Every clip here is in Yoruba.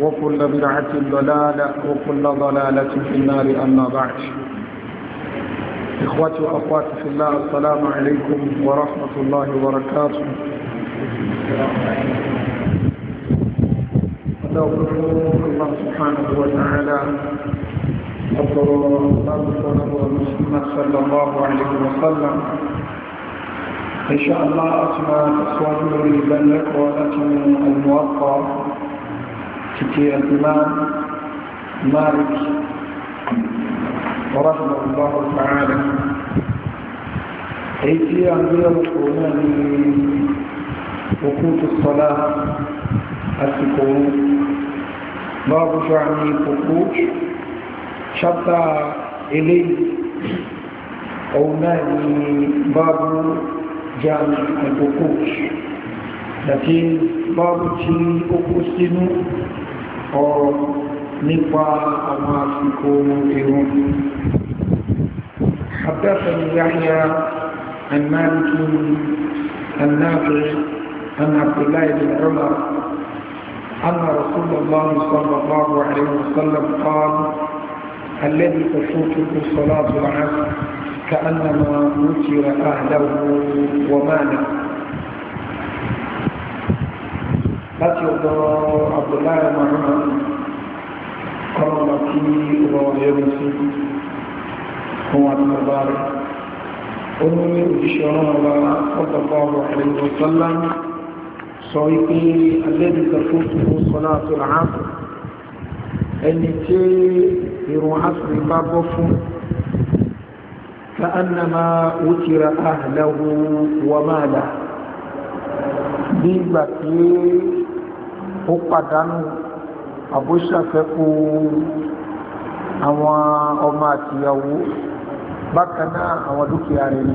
وكل بدعة ضلالة وكل ضلالة في النار أما بعد إخوتي وأخواتي في الله السلام عليكم ورحمة الله وبركاته الله سبحانه وتعالى أقول الله محمد صلى الله عليه وسلم إن شاء الله أتمنى تصوير لبنك ولكن الموقع كتير الإمام مالك رحمه الله تعالى أيتي أمير القرآن وقوت الصلاة السكون باب شعن الفقوش شطى إليه أو نهي باب جامع الفقوش لكن باب تي أقوى ọ̀rọ̀ nípa àwọn àsìkò irun حدثني يحيى عن مالك النافع عن عبد الله بن عمر أن رسول الله صلى الله عليه وسلم قال الذي تفوته الصلاة العصر كأنما وتر أهله وماله láti ọ̀dọ̀ abdullahi mahama kọ́nà kí ọba ọ̀yẹ́rù sí ohun àtàbà rẹ̀ ó ní òjíṣẹ́ ọlọ́ọ̀bá ọ̀dọ̀bá ọ̀rẹ́ ìwọ̀sọ́lá sọ wípé alẹ́dìsẹ̀ fún sọ́lá àtúrà áàpù ẹni tí ìrùn áàpù bá bọ́ fún ka'annama wutira ahlahu wa mala bí ìgbà tí ó pàdánù àbóṣàfẹ́kù àwọn ọmọ àtìyàwó bákan náà àwọn dúkìá rẹ̀ ni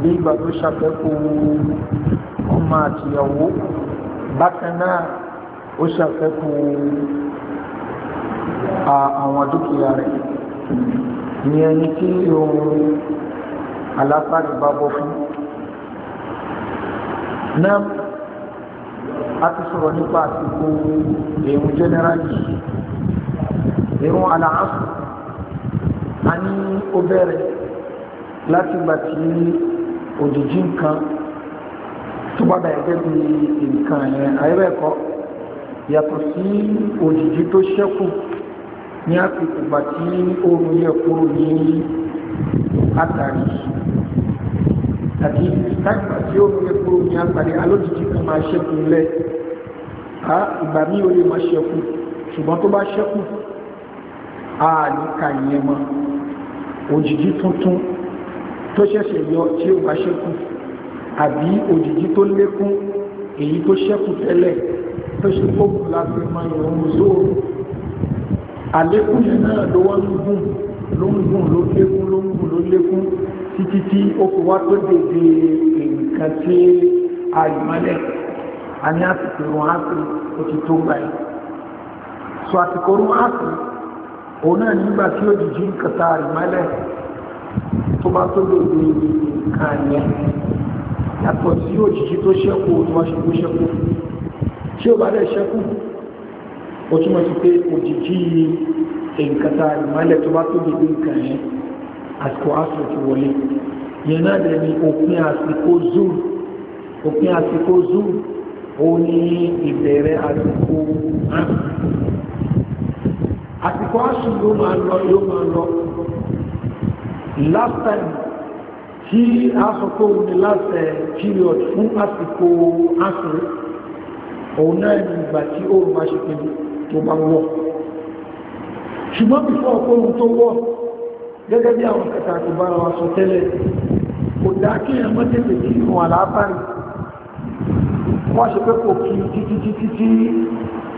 bí ìgbà tó ṣàfẹ́kù ọmọ àtìyàwó bákan náà ó ṣàfẹ́kù àwọn dúkìá rẹ̀ ní ẹni tí ohun alápàdé bá bọ́ fún náà a ti sọ̀rọ̀ nípa àsìkò èrùn jẹ́nẹ́rálì èrùn àlàáfù a ní ó bẹ̀rẹ̀ láti gbà tí òjìjí nǹkan tó bá bẹ̀rẹ̀ gẹ́gẹ́ bí nǹkan yẹn ayébẹ̀kọ́ yàtọ̀ sí òjìjí tó ṣẹ́kù ní àsìkò gbà tí oòrùn yẹ kúrò ní àtàrí àti táìpà tí oòrùn yẹ kúrò ní àtàrí alójìjí kan máa ṣẹ́kù lẹ́yìn ká ìgbà mí ò lè má ṣẹ́kù ṣùgbọ́n tó bá ṣẹ́kù a ní ka ìyẹn mọ́ òjìjí tuntun tó ṣẹ̀ṣẹ̀ yọ tí ó bá ṣẹ́kù àbí òjìjí tó lékún èyí tó ṣẹ́kù tẹ́lẹ̀ tó ṣe fóòmù láti mọ ìrọ̀rùn zóòrò àlékún yẹn náà ló wọ́n gùn ló ń gùn ló lékún ló ń gùn ló lékún títí tí ó fi wá tó dèdè nǹkan tí àìmọ́lẹ̀ a ní àsìkò ìrùn áfíríkà ó ti tó gbà yìí so àsìkò orun áàpù òun náà nígbà tí ó jìjì nǹkan tá a rí mọ́lẹ̀ tó bá tó lò ní nǹkan yẹn yàtọ̀ sí òjìjì tó ṣẹ́kù tó bá ṣekú ṣẹ́kù tí ó bá dẹ̀ ṣẹ́kù ó túmọ̀ sí pé òjìjì nǹkan tá a rí mọ́lẹ̀ tó bá tó lò ní nǹkan yẹn àsìkò áàpù ti wọlé yẹn náà dẹ̀ ni òpin àsìkò zuru òpin àsìkò zuru ó ní ìbẹ̀rẹ̀ àsìkò àsìkò áṣù yóò máa lọ yóò máa last time tí a sọ pé òun ni last eh, period fún àsìkò áṣù òun náà ní ìgbà tí ó máa ṣe pẹ̀lú tó bá wọ̀ ṣùgbọ́n bí fún ọkọ̀ ohun tó wọ̀ gẹ́gẹ́ bí àwọn kẹta àti bára wa sọ tẹ́lẹ̀ kò dá kí wọ́n ṣe pé kò kí títí títí tí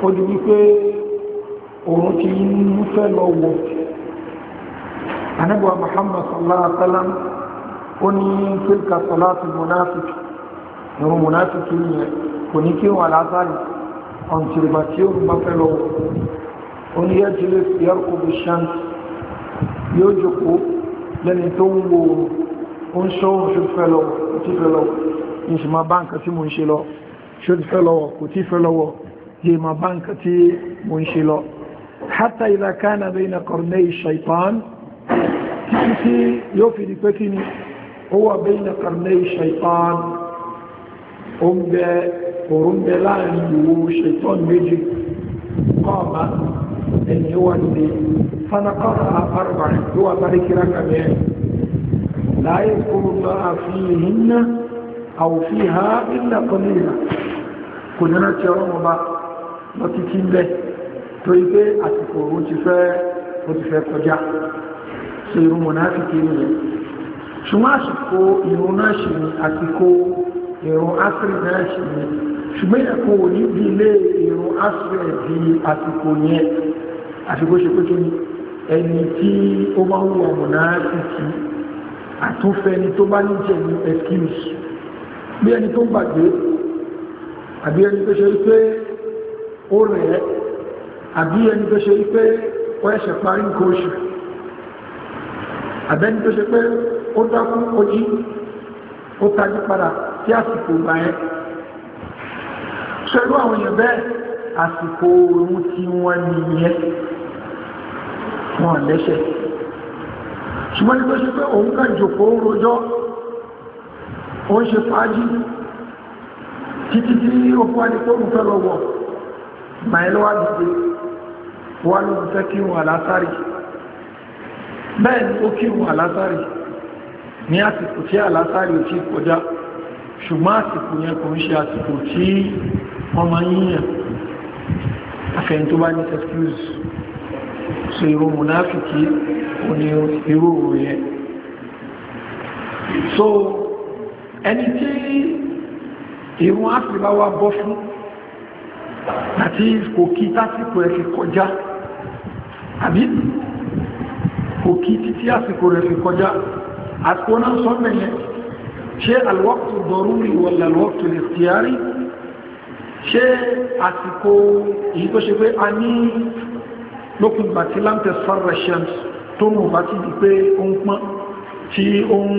ó di wípé òun ti ń fẹ́ lọ wọ̀ anábíwá Muhammad sallallahu sallam ó ní tilka salatu munafik ìrun munafik ní ẹ kò ní kí wọn lázàrì ọ̀nṣìrìbà tí ó bá fẹ́ lọ wọ̀ ó ní yẹ́ jílé yarku bishams yóò jókòó lẹ́ni tó ń wo ó ń ṣọ́ òun ṣe báǹkà tí mo ń ṣe lọ ṣó ti fẹ́ lọ́wọ́ kò tí fẹ́ lọ́wọ́ yìí ma bá nǹkan tí mo ń ṣe lọ hátà ìlà kánà bẹ́ẹ̀ na kọ̀rọ̀nẹ́ ìṣàìtàn títí tí yóò fi di pé kí ni ó wà bẹ́ẹ̀ na kọ̀rọ̀nẹ́ ìṣàìtàn oúnjẹ láàrin ìwò ṣàìtàn méjì kọ́ọ̀mà ẹni wà ní àwòfí ha ilẹ̀ kọlẹ̀ ìlà kò ní rántí ọ̀rọ̀ ọba lọ títí ń bẹ́ torí pé àsìkò ó ti fẹ́ kọjá sí irú mọ̀ náà fìkì ìrìn ṣùgbọ́n àsìkò ìrún náà ṣì ní àsìkò ìrún asìrì náà ṣì ní ṣùgbọ́n ìyàkó ní bí ilé ìrún asìrì di àsìkò yẹn àsìkò ṣe pé kí ni ẹni tí ó máa ń wọ̀ mọ̀ náà fìkì àtúnfẹ́ni tó bá ní jẹ̀ excuse bí ẹni tó ń gbàgbé àbí ẹni tó ṣe wípé ó rẹ̀ ẹ́ àbí ẹni tó ṣe wípé ó ẹ̀ṣẹ̀ parí nǹkan oṣù àbẹ́ni tó ṣe pé ó dákú ojí ó tají padà tí àsìkò gbà ẹ́ ṣẹlú àwọn èèyàn bẹ́ẹ̀ àsìkò oorun tí wọ́n ní yẹn wọ́n lẹ́ṣẹ̀ ṣùgbọ́n ni tó ṣe pé òun kàn jòkó rojọ́ ó ń ṣe fàájì títí tí ó fún àdìpọ̀ òun fẹ́ lọ wọ̀ màílọ́wà dìde wà ló ń fẹ́ kí wọn àlásárì bẹ́ẹ̀ ni ó kí wọn àlásárì ní àsìkò tí àlásárì ò tí kọjá ṣùgbọ́n àsìkò yẹn kò ń ṣe àsìkò tí wọ́n máa yíyàn afẹ́yìn tó bá ní excuse so irú munafiki ó ní irú òun yẹn so ẹni tí ìrún áfìbá wá bọ́ fún àti kò kí tásìkò ẹ̀ fi kọjá àbí kò kí títí àsìkò rẹ̀ fi kọjá àsìkò náà sọ mẹ́yẹn ṣe alwọ́pù dọ̀rúrí wọlẹ̀ alwọ́pù lẹ́ftíyàrí ṣe àsìkò èyí tó ṣe pé a ní lókùn bàtí láǹtẹ̀ sára ṣẹ́ms tó mú bàtí di pé ó ń pọ́n tí ó ń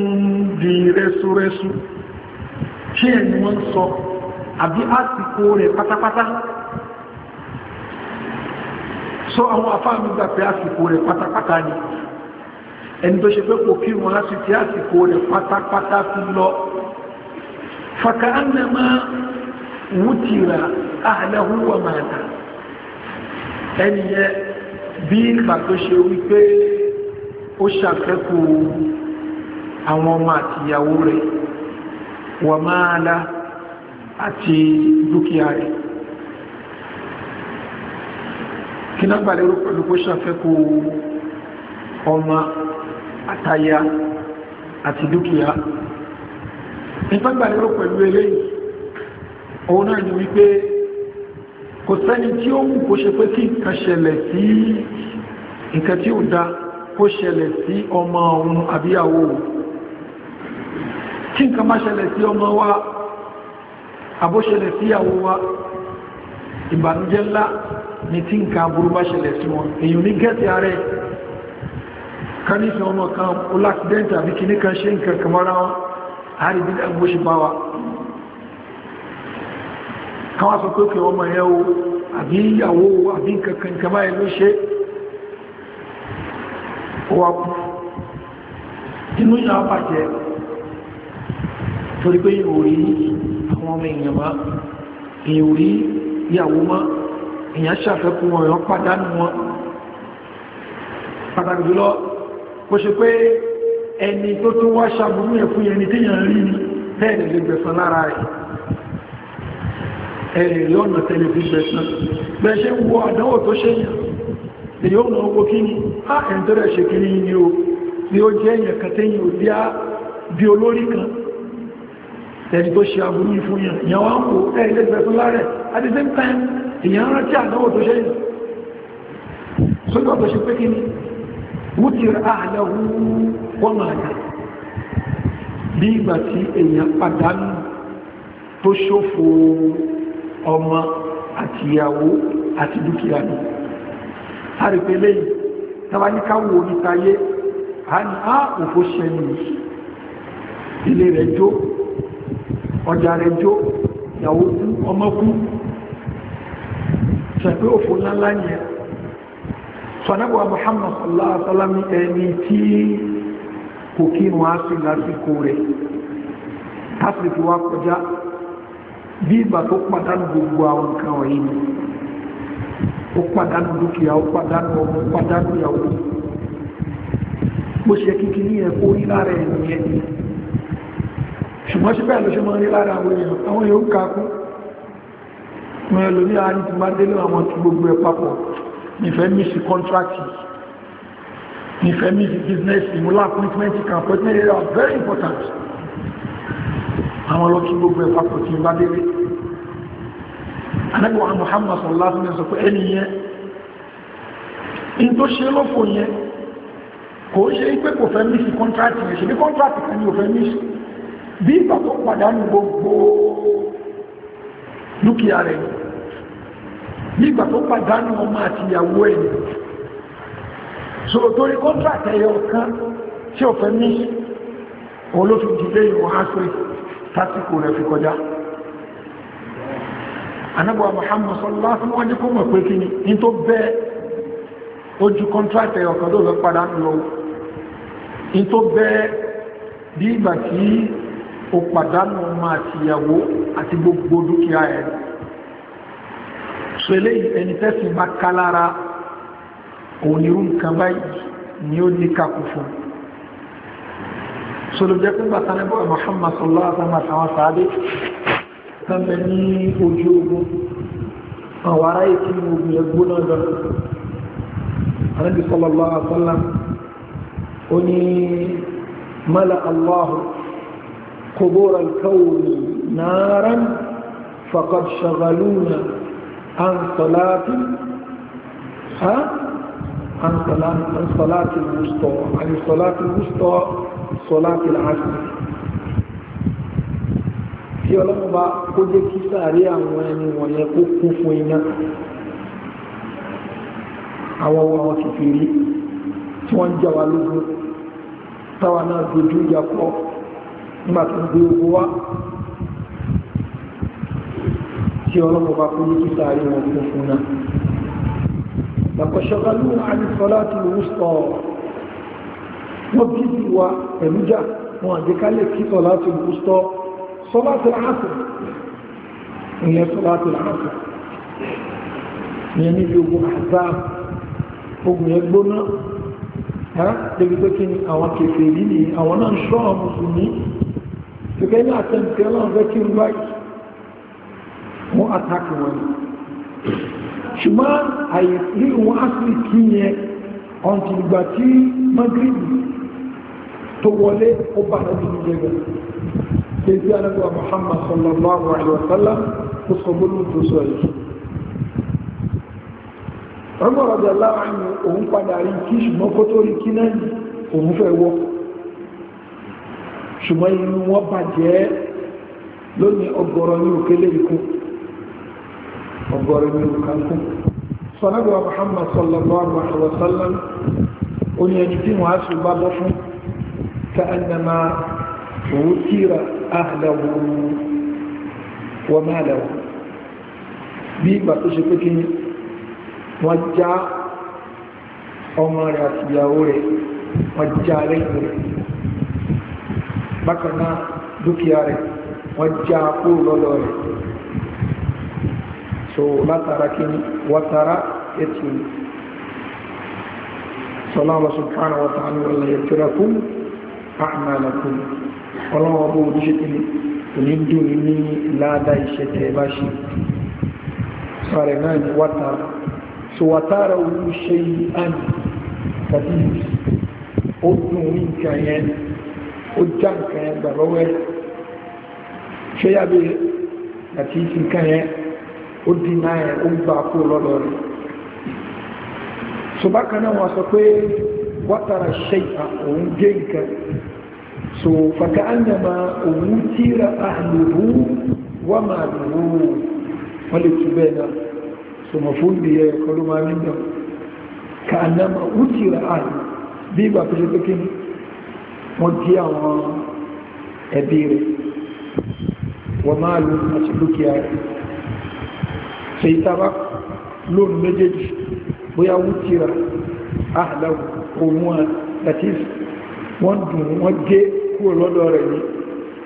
di rẹ́súrẹ́sú ṣé ẹ̀ ni wọ́n sọ àbí àsìkò rẹ̀ pátápátá sọ àwọn afáàmì gbà pé àsìkò rẹ̀ pátápátá ni ẹni tó ṣe pé kò kí wọn láti fi àsìkò rẹ̀ pátápátá fi lọ fàkà ánàmá wùtìrà ahlahu wa mata ẹni yẹ bí ìgbà tó ṣe wípé ó ṣàfẹ́kù àwọn ọmọ àtìyàwó rẹ̀ wà máa lá àti dúkìá rẹ̀ kí náà gbàlẹ̀ orúkọ ló kó ṣàfẹ́kù ọmọ àtàyà àti dúkìá nípa gbàlẹ̀ orúkọ pẹ̀lú eléyìí òun náà ni wípé kò sẹ́ni tí ó mú kó ṣe pé kí nǹkan ṣẹlẹ̀ sí nǹkan tí ó dá kó ṣẹlẹ̀ sí ọmọ òun àbíyàwó kí nǹkan má ṣẹlẹ̀ sí ọmọ wa àbóṣẹlẹ̀ sí ìyàwó wa ìbànújẹ́ ńlá ní tí nǹkan aburú bá ṣẹlẹ̀ sí wọn èyàn ní gẹ́ẹ̀tì ààrẹ kanífẹ́ ọmọ kan oláksidẹ́ntì àbí kìíní kan ṣe nǹkan kàmọ́ra wọn àárí bí ẹgbó wa káwà sọ pé kí ọmọ ẹ̀ o àbí ìyàwó àbí nǹkan kan kàmá ẹ̀ ló torí pé ìròrí àwọn ọmọ èèyàn má ìròrí ìyàwó má èèyàn ṣàfẹ́kù wọn èèyàn pàdánù wọn pàtàkì jùlọ kò ṣe pé ẹni tó tún wá ṣàbùrú yẹn fún ẹni téèyàn rí ni bẹ́ẹ̀ lè gbẹ̀san lára rẹ̀ ẹ̀rẹ̀ rí ọ̀nà tẹ́lẹ̀ fi gbẹ̀san bẹ́ẹ̀ ṣe ń wo àdánwò tó ṣe yàn èyí ó nà owó kí ni á ẹ̀ńtọ́rẹ̀ ṣe kí ni o ni ó jẹ́ èèyàn kan ò bí olórí kan tẹ́lì tó ṣe aburú fún yàn yàn wá ń kò ẹ̀ẹ́dẹ́gbẹ̀ fún lárẹ̀ at the same time èyàn rántí àdánwò tó ṣe yìí sójú ọ̀tọ̀ ṣe pé kí ni wútìrì àhàlẹ́wú wọ́n àyà bí ìgbà tí èyàn pàdánù tó ṣòfò ọmọ àtìyàwó àti a rí pé lẹ́yìn tàbá ní káwò oníta yé a ní á ah, òfó ṣẹ́yìn ilé rẹ̀ jó ọjà rẹ̀ jó ìyàwó kú ọmọ kú ṣẹ̀pẹ́ òfò ńláńlá yẹn sọ̀nàbọ̀ Muhammad sallallahu alaihi wasallam ẹni tí kò kí wọn á sí lásìkò rẹ̀ tásìkò wa kọjá bí ìgbà tó pàdánù gbogbo àwọn nǹkan wọ̀nyí ni ó pàdánù dúkìá ó pàdánù ọmọ pàdánù ìyàwó bó ṣe kíkí ní ẹ̀kọ́ rí lára ṣùgbọ́n síbẹ̀ ló ṣe mọ́ ní lára àwọn èèyàn àwọn èèyàn ń kakún mọ́ ẹlò ní àárín ti bá délé àwọn tí gbogbo ẹ papọ̀ nífẹ́ mísì kọ́ntrákì nífẹ́ mísì bíznẹ́sì mú lápúntmẹ́ntì kan very important àwọn lọ́kí gbogbo ẹ papọ̀ tí bá délé anábíwá Muhammad sallallahu alaihi wasallam sọ pé ẹni yẹn in tó ṣe lọ́fọ̀ yẹn kò ń ṣe pé kò fẹ́ mísì kọ́ntrákì yẹn ṣe bí kọ́ntrákì kan ni ò fẹ́ bí ìgbà tó pàdánù gbogbo dúkìá rẹ̀ bí ìgbà tó pàdánù ọmọ àti ìyàwó ẹ̀ sọ̀rọ̀ torí kọ́ntrátì ẹyọ kan tí ó fẹ́ ní olófin jùlé ìwọ̀n áṣẹ́ tásìkò rẹ̀ fi kọjá anábọ̀ Muhammad sallallahu alaihi wasallam kó mọ̀ pé kí ni ní tó bẹ́ ojú kọ́ntrátì ẹyọ kan tó fẹ́ pàdánù lọ ní tó bẹ́ bí ìgbà tí ó pàdánù ọmọ àtìyàwó àti gbogbo dúkìá ẹ̀ so eléyìí ẹni tẹ́sìn bá ká lára òun irú nǹkan báyìí ni ó ní kakù fún so ló jẹ́ pé bàtà níbọ̀ Muhammad sallallahu alaihi wasallam àtàwọn sàádé tẹ́lẹ̀ ní ojú ogun àwọn ará ìtì ogun ẹgbó náà lọ Ànábì sallallahu alaihi ó ní mala Allahu قبور الكون نارا فقد شغلونا عن صلاة ها عن صلاة عن صلاة الوسطى عن صلاة الوسطى صلاة العصر tí ọlọ́run bá kó jẹ́ kí sáré àwọn ẹni wọ̀nyẹn kó kún fún iná àwọn ọwọ́ àwọn kìfèrí tí wọ́n ń jà wá lógún táwa náà dojú ìjà pọ̀ nígbà tó gbé owó wá tí ọlọ́pọ̀ bá kú ní títà rí wọn fún fún náà lọ́kọ̀ṣọ́gá ló ń àrí sọ́lá ti rú sọ wọ́n bí sí wa pẹ̀lú jà wọn àgbékálẹ̀ kí sọ́lá ti rú sọ sọ́lá ogun àzáàbù ogun yẹn gbóná débi pé kí ni àwọn kèfèrí ni àwọn náà ń ṣọ́ àwọn mùsùlùmí ṣùgbẹ́ ní àtẹ́ǹtì ọlọ́run fẹ́ kí n báyìí wọ́n àtàkì wọn ṣùgbọ́n àyè rí wọn á sì kí yẹn ọ̀ntì ìgbà tí madrid tó wọlé ó bá lọ́dún ní jẹ́gẹ̀ ṣèṣí alágbà Muhammad sallallahu alaihi wa sallam ó sọ ṣùgbọ́n inú wọn bàjẹ́ lónìí ọgọ́rọ̀ ní òkèlè ikú ọgọ́rọ̀ ní òkàkú sọ́nàbíwá Muhammad sallallahu alaihi wa sallam ó ní ẹni tí wọ́n á sùn bá bọ́ fún bí ìgbà tó ṣe pé kí wọ́n já ọmọ rẹ̀ àtìyàwó rẹ̀ wọ́n já lẹ́yìn rẹ̀ bákan náà dúkìá rẹ̀ wọ́n já kó lọ́lọ́ rẹ̀ so látara kí ni wàtara ètò sọláwọ́ subhanahu wa ta'ala wala yatrukum a'malakum ọlọ́wọ́ bó ní ṣe kí ni ní láàdá iṣẹ́ tẹ́ bá ṣe sọ̀rẹ̀ náà ni wàtara so wàtara olú ṣe yí àmì tàbí ó dùn ní nǹkan yẹn ó já nǹkan yẹn gbà lọ́wọ́ ẹ̀ ṣé yàgbé àti nǹkan yẹn ó di náà yẹn ó gbà kó lọ́dọ̀ rẹ̀ so bákan náà wọ́n sọ pé wátara ṣe òun gé nǹkan so fàkà ányàmà òun tíra àlùbù wà máa lùú wọ́n lè so mọ̀ fún ìdíyẹ kọlu máa nígbà kà ányàmà òun tíra àlùbù bí ìgbà tó ṣe wọ́n jí àwọn ẹbí rẹ̀ wọ́n máa lò àti dúkìá rẹ̀ ṣe ìtaba lóòrùn méjèèjì bóyá wú tíra àhàdáwò òun àti wọ́n dùn wọ́n gé kúrò lọ́dọ̀ rẹ̀ ní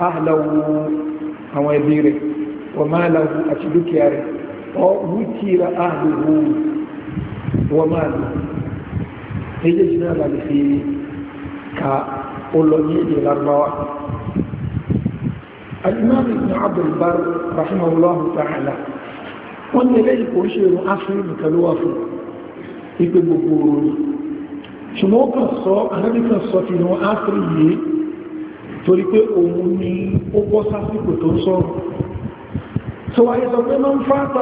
àhàdáwò àwọn ẹbí rẹ̀ wọ́n máa lò àti dúkìá rẹ̀ ọ wú tíra àhàdáwò wọ́n máa lò méjèèjì náà lálẹ́ fi ka ó lọ ní èdè lárúbáwá alimami ibn abdulbar rahimahullahu ta'ala wọ́n ní eléyìí kò ń ṣe irun áfírí nìkan ló wà fún ipe gbogbo orin ṣùgbọ́n ó kàn sọ anábì kan sọ ti irun áfírí yìí torí pé òun ni ó bọ́ sásìkò tó sọ̀rọ̀ tó wáyé sọ pé máa ń fáta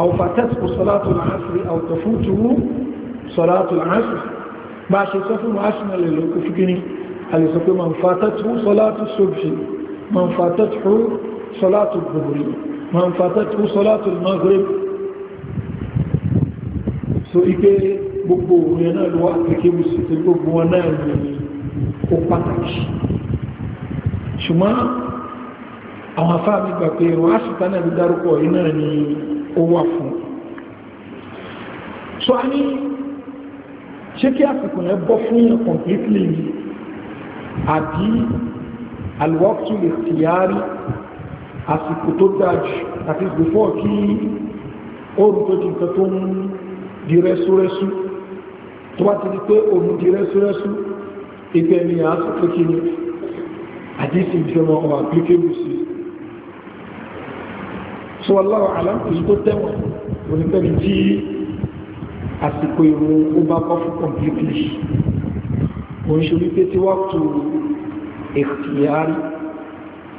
àwòfà tẹ́sìkò sọ́látò láàáfírí àwòtọ̀fún tuwú sọ́látò láàáfírí bá ṣe sọ fún arsenal lè lókù fi gíní alìsọ pé ma ń fàtàtù sọ́látù sọ́bṣì ma ń fàtàtù sọ́látù gbogbo ma ń fàtàtù sọ́látù maghrib so ike gbogbo òun náà lọ́wọ́ àtẹ́kẹ́ wùsù tí gbogbo wọn náà ní ó pàtàkì ṣùgbọ́n àwọn afáàmì gbà pé so a ní ṣé kí àsìkò yẹn bọ́ fún yẹn completely ni àbí alwaqtu listiyari àsìkò tó dájú àti before kí oòrùn tó di nǹkan tó ń di rẹ́súrẹ́sú tó wá ti di pé oòrùn di rẹ́súrẹ́sú ìgbẹ́ ni a sọ pé kí ni àdísì ìfẹ́mọ̀ ọmọ àplikébù sí so Allahu alam èyí tó tẹ́wọ̀n onípẹ́ni tí àsìkò ìrun ó bá bọ́ fún completely òun ṣe wípé tí wọ́pù ìfìyàrí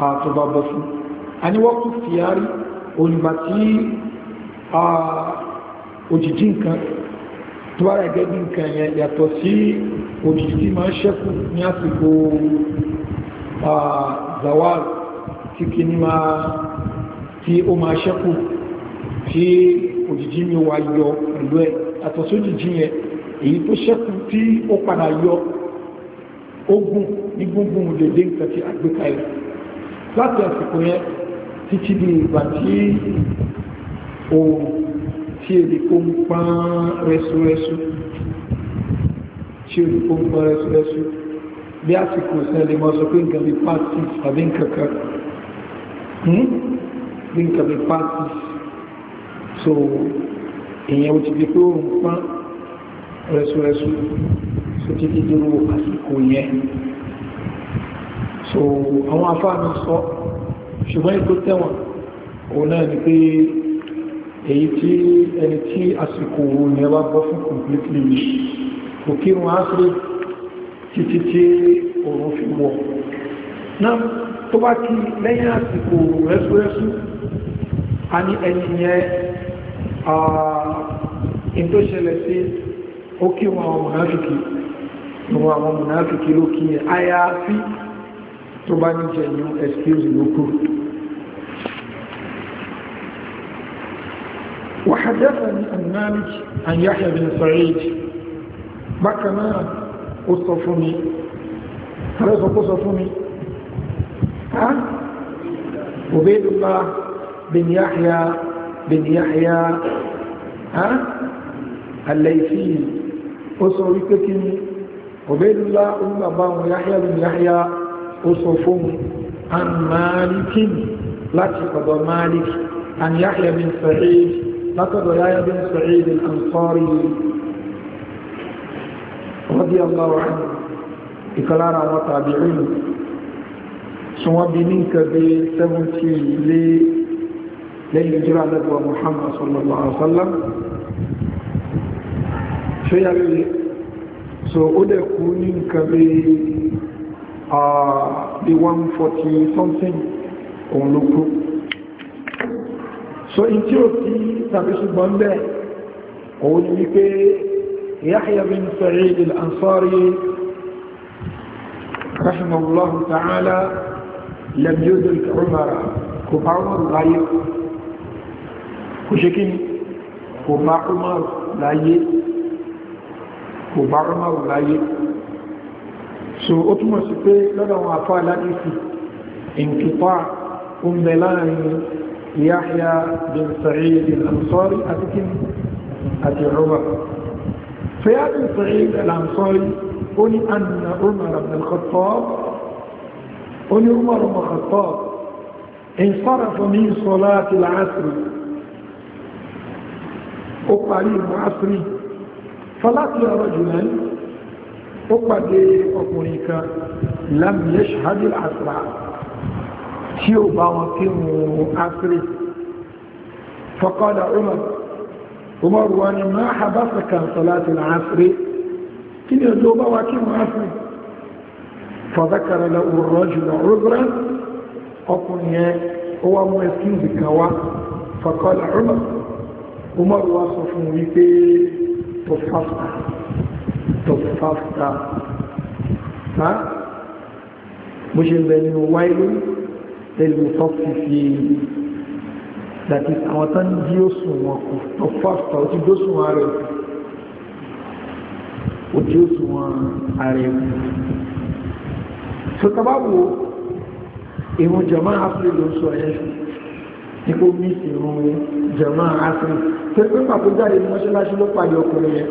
àtò bá bọ́ fún a ní wọ́pù ìfìyàrí olùgbà tí òjìjí nǹkan tó wá rẹ̀ gẹ́gẹ́ nǹkan yẹn yàtọ̀ sí òjìjí tí máa ń ṣẹ́kù ní àsìkò zawal tí kì ní máa tí ó máa ṣẹ́kù tí òjìjí mi wá pẹ̀lú ẹ̀ àtọ̀sójìjì yẹn èyí tó ṣẹ́kù tí ó padà yọ ogun ní gbogbo dédé nǹkan tí a gbé kalẹ̀ láti àsìkò yẹn títí di ìgbà tí òun tí èdè kó ń pán rẹ́súrẹ́sú tí èdè kó ń pán rẹ́súrẹ́sú bí àsìkò ìsìn lè mọ́ sọ pé nǹkan bí pàtì àbí nǹkan kan hmm? bí nǹkan bí pàtì so èyàn ò ti di pé ó ń pán rẹsùrẹsù tó ti di dúró àsìkò yẹn so àwọn afáàmì sọ ṣùgbọ́n ètò tẹ́wọ̀n òun náà ni pé èyí tí ẹni tí àsìkò òun yẹn bá bọ́ fún completely kò kí wọn á sí títí tí òun fi wọ̀ náà tó bá kí lẹ́yìn àsìkò rẹsùrẹsù a ní ẹni yẹn in tó ṣẹlẹ̀ sí ó kí wọn àwọn mùnáfikì wọn àwọn mùnáfikì ló kí yẹn àyàfi tó bá ní jẹ̀yìn excuse ló kú وحدثني عن مالك عن يحيى بن سعيد بكنا أصفني هل أصفني ها عبيد الله بن يحيى بن يحيى ها الليثي أسر كتن قبل الله أم أبا يحيى بن يحيى أسر عن مالك لا تقضى مالك عن يحيى بن سعيد لا تقضى يحيى بن سعيد الأنصاري رضي الله عنه إكلارا وطابعين سوى بنينك بي سبتي لي لي جرى محمد صلى الله عليه وسلم ṣe yà lóye so ó dẹ̀ kú ní nǹkan bí i 140 something òun ló kú so in tí ó ti tàbí ṣùgbọ́n bẹ́ òun ni wípé Yahya bin Sa'id al-Ansari rahimahullahu ta'ala lam yudrik Umara kò bá Umar láyé kò ṣe kí ni kò bá Umar láyé kò bá rọ́màrù láyé so ó túnmọ̀ sí pé lọ́dọ̀ àwọn àfá aládìsí ìǹkìpá oúnjẹ láàrin Yahya bin Sa'id al-Ansari àti kí àti rọ́bà Yahya bin Sa'id al-Ansari ó ní من صلاة العصر ó parí ìmọ̀ asìrì fọláàtì ọ̀rọ̀ jùlọ ó pàdé ọkùnrin kan lámìyẹ ṣáájú àṣà tí ó bá wọn kí wọn áfírí fọkọ́dà umar umar wọn ni máa habasa kan fọláàtì àṣírí kí ni ọjọ́ bá wá kí wọn áfírí fọ́dákàrà lọ jùlọ ọkùnrin yẹn ó wá mú ẹ̀sìn تفصى تفصى ها مجل بين ويل للمطففين that is àwọn tán jí ó sùn wọn kù tọfọ́fọ́ ó ti dó sùn wọn rẹ̀ ó jí ó sùn wọn rẹ̀ so tabawo ìhun jama tí kò ní ìrun jẹ̀mọ́ àásìn tó pé pàtó jáde ní mọ́ṣáláṣí ló pàdé ọkùnrin yẹn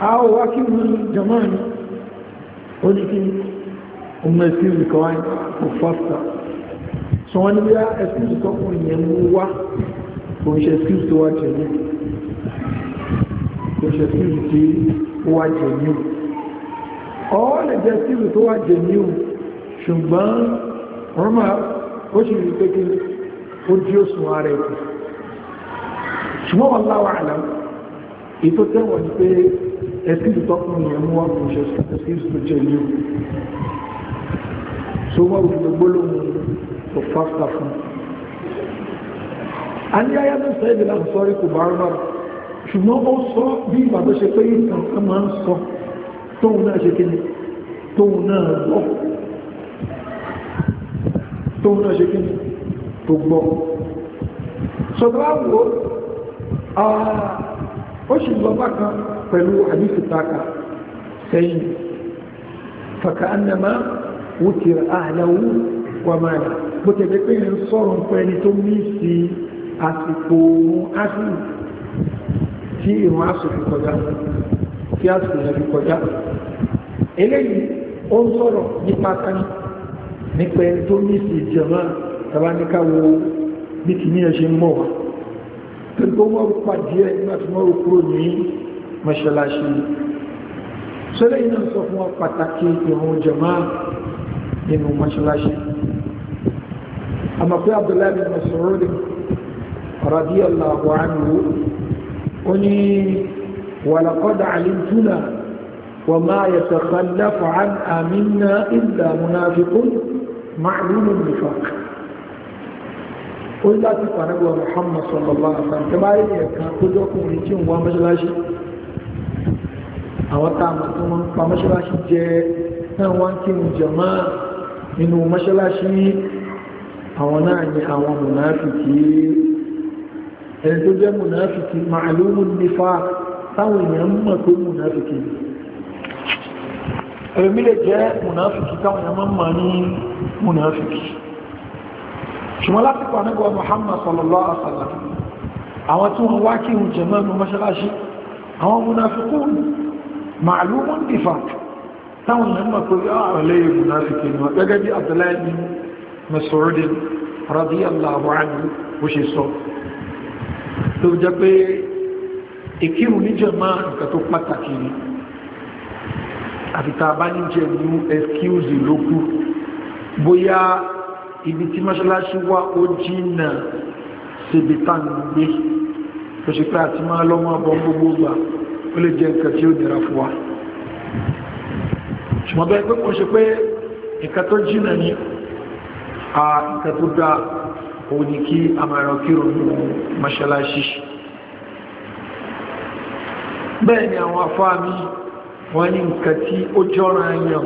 a ó wá kí ní jẹ̀mọ́ ni ó ní kí ọmọ ẹ̀sìn nìkan wáyé kò fọ́sà sọ wọn ní bí a ẹ̀sìn ìtọ́kùnrin yẹn mú wá kò ń ṣe ẹ̀sìn tó wá jẹ̀mọ́ kò ń ṣe ẹ̀sìn tí ó wá jẹ̀mọ́ ọ̀ lè jẹ́ ẹ̀sìn tó wá jẹ̀mọ́ ṣùgbọ́n rọ́mà ó sì ó dí òṣùwọ̀n ara ẹ̀kù ṣùgbọ́n wọn láwọ àlá ètò tẹ́wọ̀n ni pé ẹ̀sìn tó tọ́kùn ní ẹ̀mú wọn kò ṣe ẹ̀sìn tó jẹ́ ní o so wọ́n rò pé gbólóhùn tó fásità fún un a ní ayé tó sẹ́yìn láti sọ́rí kò bá rárá ṣùgbọ́n ó sọ bí ìgbà tó ṣe pé ìtàn kan máa ń sọ tóun náà ṣe kíni tóun náà gbọ́ tóun náà ṣe kíni tó gbọ́ sọ̀rọ̀ àwọ̀ ó ṣe lọ bákan pẹ̀lú àdífì taka sẹ́yìn fàkà annama wùtìrì àhàlàwù wà máa rà bó tẹ̀lé pé ń sọ̀rọ̀ ń pẹ́ni tó ní sí àsìkò ohun ásìkò tí ìrun àsìkò kọjá tí tabaníkàwò bí kì ní ẹ̀ṣẹ́ mọ́ wà tó tó wọ́n rú pàdé ẹ̀ nígbà tí wọ́n rú kúrò ní mọ́ṣáláṣí sọ́lẹ̀ iná sọ fún wọn pàtàkì ìrun jẹ̀má nínú mọ́ṣáláṣí àmàfẹ́ Abdullahi bin Mas'ud radiyallahu anhu ó ní ولقد علمتنا وما يتخلف عن آمنا إلا منافق معلوم النفاق ó láti pàdébọ̀ Muhammad sallallahu alaihi wasallam tẹ́bá rí ẹ̀ka tó jọ́kùnrin tí ń wá mọ́ṣáláṣí àwọn táàmù tó wọ́n pa mọ́ṣáláṣí jẹ náà wọ́n kí ń jẹ máa nínú mọ́ṣáláṣí àwọn náà ni àwọn mùnáfìkì ẹni tó jẹ́ mùnáfìkì màálùmù nífà táwọn èèyàn mọ̀ pé mùnáfìkì ẹ̀rọ mi lè jẹ́ mùnáfìkì táwọn èèyàn mọ̀ ní mùnáfìkì ṣùgbọ́n lásìkò àníkọ̀ Muhammad sallallahu alaihi wasallam àwọn tí wọ́n wá kí ìhùn jẹ̀mọ́ ẹnu mọ́ṣáláṣí àwọn munafikun ma'lumun bifaq táwọn èèyàn mọ̀ pé ah, àwọn ẹlẹ́yìn munafiki ni wọ́n gẹ́gẹ́ bí Abdullahi bin Mas'ud radiyallahu anhu bó ṣe bóyá ibi tí mọ́ṣáláṣí wá ó jìnà síbi tàǹgbé tó ṣe pé àti máa lọ́mọ ọbọ̀ gbogbo gbà ó lè jẹ́ nǹkan tí ó nira fún wa ṣùgbọ́n bẹ́ẹ̀ pé kò ṣe pé nǹkan tó jìnà ní a nǹkan tó dáa òun ni kí a máa rọ kí ronú mọ́ṣáláṣí bẹ́ẹ̀ ni àwọn afáà mi wọ́n ní nǹkan tí ó jọ́ra yàn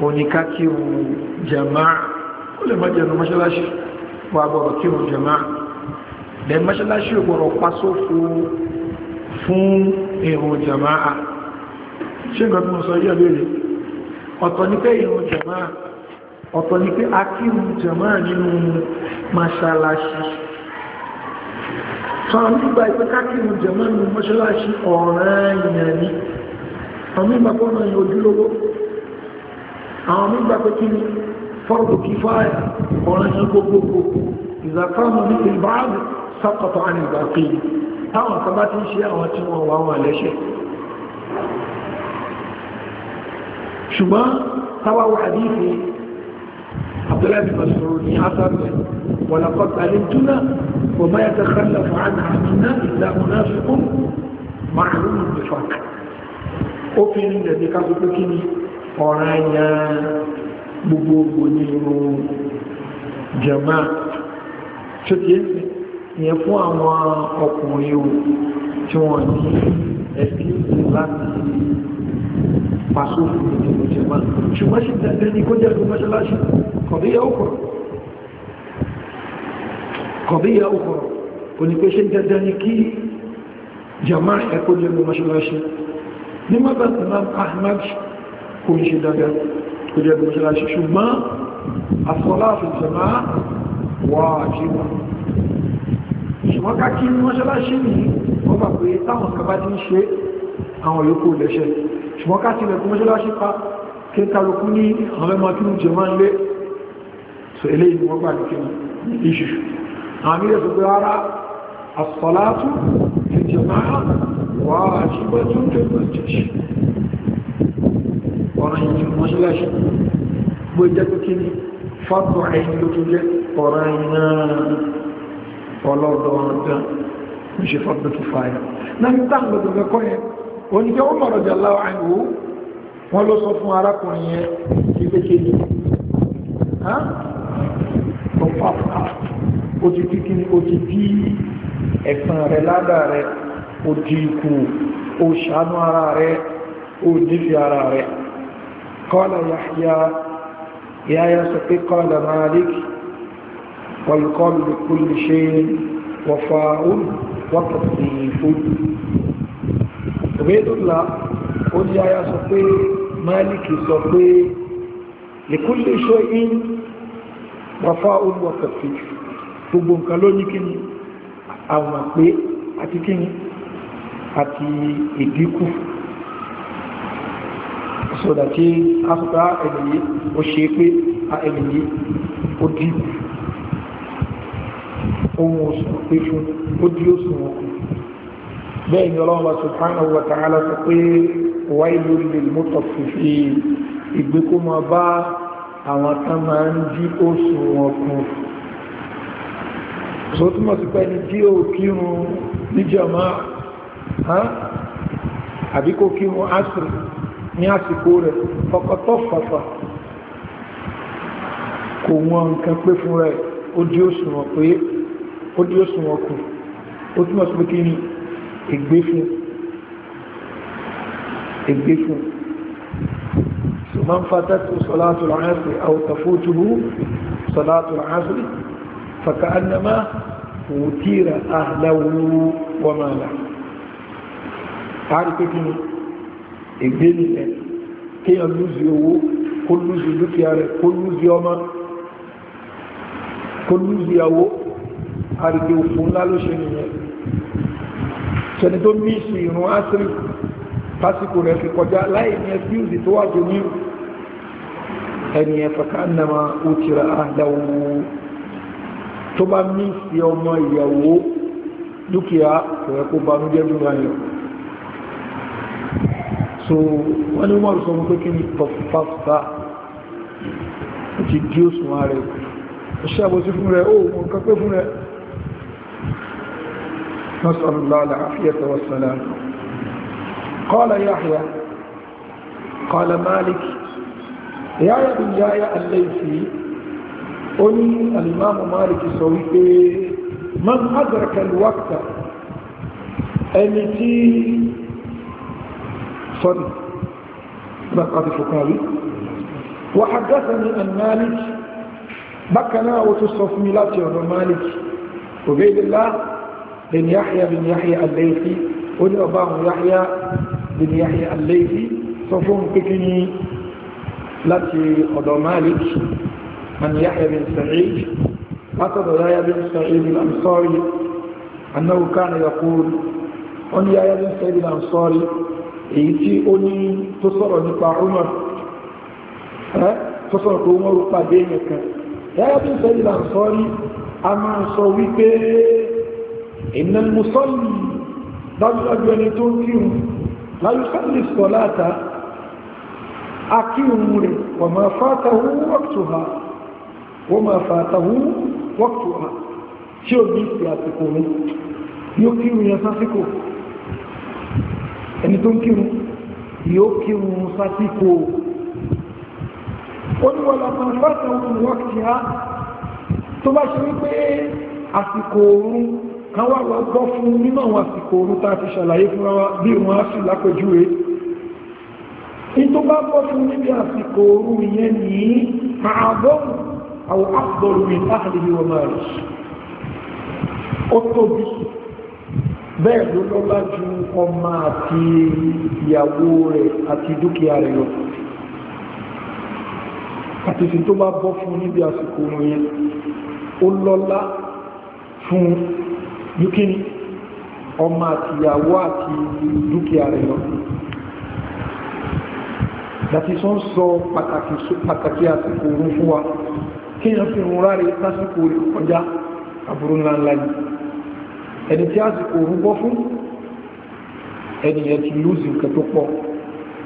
òun ni ká kí ronú jama'a ó lè má jẹnu mọ́ṣáláṣí wà gbọ́dọ̀ kí wọn jẹ̀má lẹ mọ́ṣáláṣí ò gbọ́dọ̀ pásófo fún ìrùn jẹ̀má à ṣé nǹkan tí mo sọ yẹ́ lórí ọ̀tọ̀ ní pé ìrùn jẹ̀má ọ̀tọ̀ ní pé akírun jẹ̀má nínú mọ́ṣáláṣí kan nígbà ìpé kákírun jẹ̀má nínú mọ́ṣáláṣí ọ̀ràn ìyẹn àwọn mímọ̀ pé kí ni فرض كفاية ورجل كوكوكو إذا قام به البعض سقط عن الباقين أو ثبات شيء أو تنوى وهو لا شيء ṣùgbọ́n tàwàwà àdífẹ́ abdullahi masoro ni a sáré wàlàkọ́ tàlẹ́túnà wà máa yàtọ̀ kàlà fún àná àmìnà ìlàmùnà fún márùn-ún nìfàk ó fi ní ẹ̀dẹ́ káfíkó kí ni ọ̀ràn yàn gbogbogbò ní irun jama tó ti ẹ́sì ìyẹn fún àwọn ọkùnrin o tí wọ́n ní ẹ̀sì láti pàṣófù nínú jama ṣùgbọ́n sí tẹ́lẹ̀ ní kó jẹ́ ló mọ́ṣáláṣí kọ̀bíyà òkùrọ̀ kọ̀bíyà òkùrọ̀ kò ní pé ṣe dandan ní kí jama ẹ̀kọ́ jẹ́ ló mọ́ṣáláṣí ní mọ́bàtí Ahmad kò ń ṣe dandan tó jẹ́ mọ́ṣáláṣí ṣùgbọ́n asọ́láàtù jàmá wà jíwà ṣùgbọ́n káàkì mọ́ṣáláṣí ní wọ́n bà pé táwọn kan bá ti ń ṣe àwọn yòókù lẹ́ṣẹ̀ ṣùgbọ́n káàkì lẹ́kùn mọ́ṣáláṣí pa kí kálukú ní àwọn ẹmọ kí jẹmọ́ ń lé so eléyìí wọ́n gbà ní kí ní iṣu àmì rẹ̀ tó gbé ara asọ́láàtù jàmá wà jíwà tó jẹ́ mọ́ṣáláṣí ọ̀rọ̀ yìí wọ́n láṣẹ gbé jẹ́ tó kí ní fọ́tọ̀ ẹ̀yìn ló tó jẹ́ ọ̀rọ̀ iná ọlọ́dọ̀ ọ̀dọ̀ ń ṣe fọ́tọ̀ tó fàyà náà ní táàgbẹ̀ tó mẹ́kọ́ yẹn oníkẹ́ ó mọ̀rọ̀ jà láwọn àìwò wọ́n ló sọ fún arákùnrin yẹn ilé kejì ó ti kí kí ni ó ti bí ẹ̀sán rẹ̀ ládàá rẹ̀ ó di ikú ó ṣàánú ara rẹ̀ ó nífi ara rẹ̀ قال يحيى يا يسقي قال مالك ويقال لكل شيء وفاء وتصديف عبيد الله قل يا يسقي مالك يسقي لكل شيء وفاء وتصديف gbogbo nǹkan ló ní kí ni àwọn àpé àti kí ni àti ìdínkù so that kí afọ́ká ah, ẹni yìí ó ṣe pé a ẹni yìí ó dí ohun òsùn pé fún ó dí òsùn wọn bẹ́ẹ̀ ni ọlọ́run bá subhanahu wa ta'ala sọ pé wailul lil mutaffifin ìgbékómọ bá àwọn kan máa ń dí òsùn wọn kún sí pé ẹni tí ó kírun níjàmá kírun asiri مئة كورة فقد طفت كوان كبف رأي أديوس وقوي أديوس وقو أديوس بكيني إكبف إكبف من فاتت صلاة العصر أو تفوته صلاة العصر فكأنما وتير أهله وماله تعرف كيف ègbé nìyẹn kéèyàn lúzi owó kó lúzi dúkìá rẹ̀ kó lúzi ọmọ kó lúzi ìyàwó àrìkè òfin ńlá ló ṣe nìyẹn ṣẹni tó mí sí ìrún ásírì tásìkò rẹ̀ fi kọjá láì ní ẹfíùsì tó wà tó ní ẹni ẹ̀fẹ̀ká nàmà ó tira àdáwò tó bá mí sí ọmọ ìyàwó dúkìá rẹ̀ kó banújẹ́ dúnra yẹn so wọ́n ni umaru sọ wípé kí ni pọ̀fàfà ti dí ó sùn ààrẹ ṣe àbòsí fún rẹ̀ oó mọ̀ nǹkan pé fún rẹ̀ nasalala afiyata wasala qala yahya qala malik yahya bin yahya al-laythi ó ní alimamu malik sọ wípé man adraka al-waqta ẹni tí فضل رقعة الفقاوي وحدثني عن مالك بكنا الصف ميلاتي عن مالك وبيد الله بن يحيى بن يحيى الليثي ولي أباه يحيى بن يحيى الليثي صفهم بكني لاتي أدو مالك عن يحيى بن سعيد أتد يحيى بن سعيد الأنصاري أنه كان يقول أن يحيى بن سعيد الأنصاري èyí tí ó ní tó sọ̀rọ̀ nípa Umar tó sọ̀rọ̀ tó Umar pàdé èèyàn kan ẹ̀yà bí sẹ́yìn là ń sọ rí a máa sọ wípé iná musọ́lì dájúdájú ẹni tó ń kírun láyé sọ́lì sọ láta a kírun rẹ̀ wọ́n máa fàtàwú wọ́kùtùhà wọ́n máa fàtàwú wọ́kùtùhà tí ò ní ìpè àsìkò yóò kírun yẹn sásìkò ẹni tó ń kírun yóò kírun sásìkò ó ní wọ́n lọ́pàá fásitì ọkùn wákìtì ha tó bá ṣe wípé àsìkò oorun kan wà wọ́n gbọ́ fún nínú àwọn àsìkò oorun tá a ti ṣàlàyé fúnra wa bí wọn á sì lápẹjúwe ní tó bá gbọ́ fún níbi àsìkò oorun yẹn ní àbọ̀rùn àwọn àbọ̀rùn ìtàkìlì wọn máa rí ó tóbi bẹ́ẹ̀ ló lọ́lá ju ọmọ àti ìyàwó rẹ̀ àti dúkìá rẹ̀ lọ àti sí tó bá bọ́ fún níbi àsìkò yẹn ó lọ́lá fún yúkíní ọmọ àti ìyàwó àti dúkìá rẹ̀ lọ láti sọ ń sọ pàtàkì àsìkò òun fún wa kí èèyàn fi rún ráre lásìkò rẹ̀ kọjá àbúrú ńláńlá yìí ẹni tí àsìkò òun bọ́ fún ẹnìyẹn ti lùzì nǹkan tó pọ̀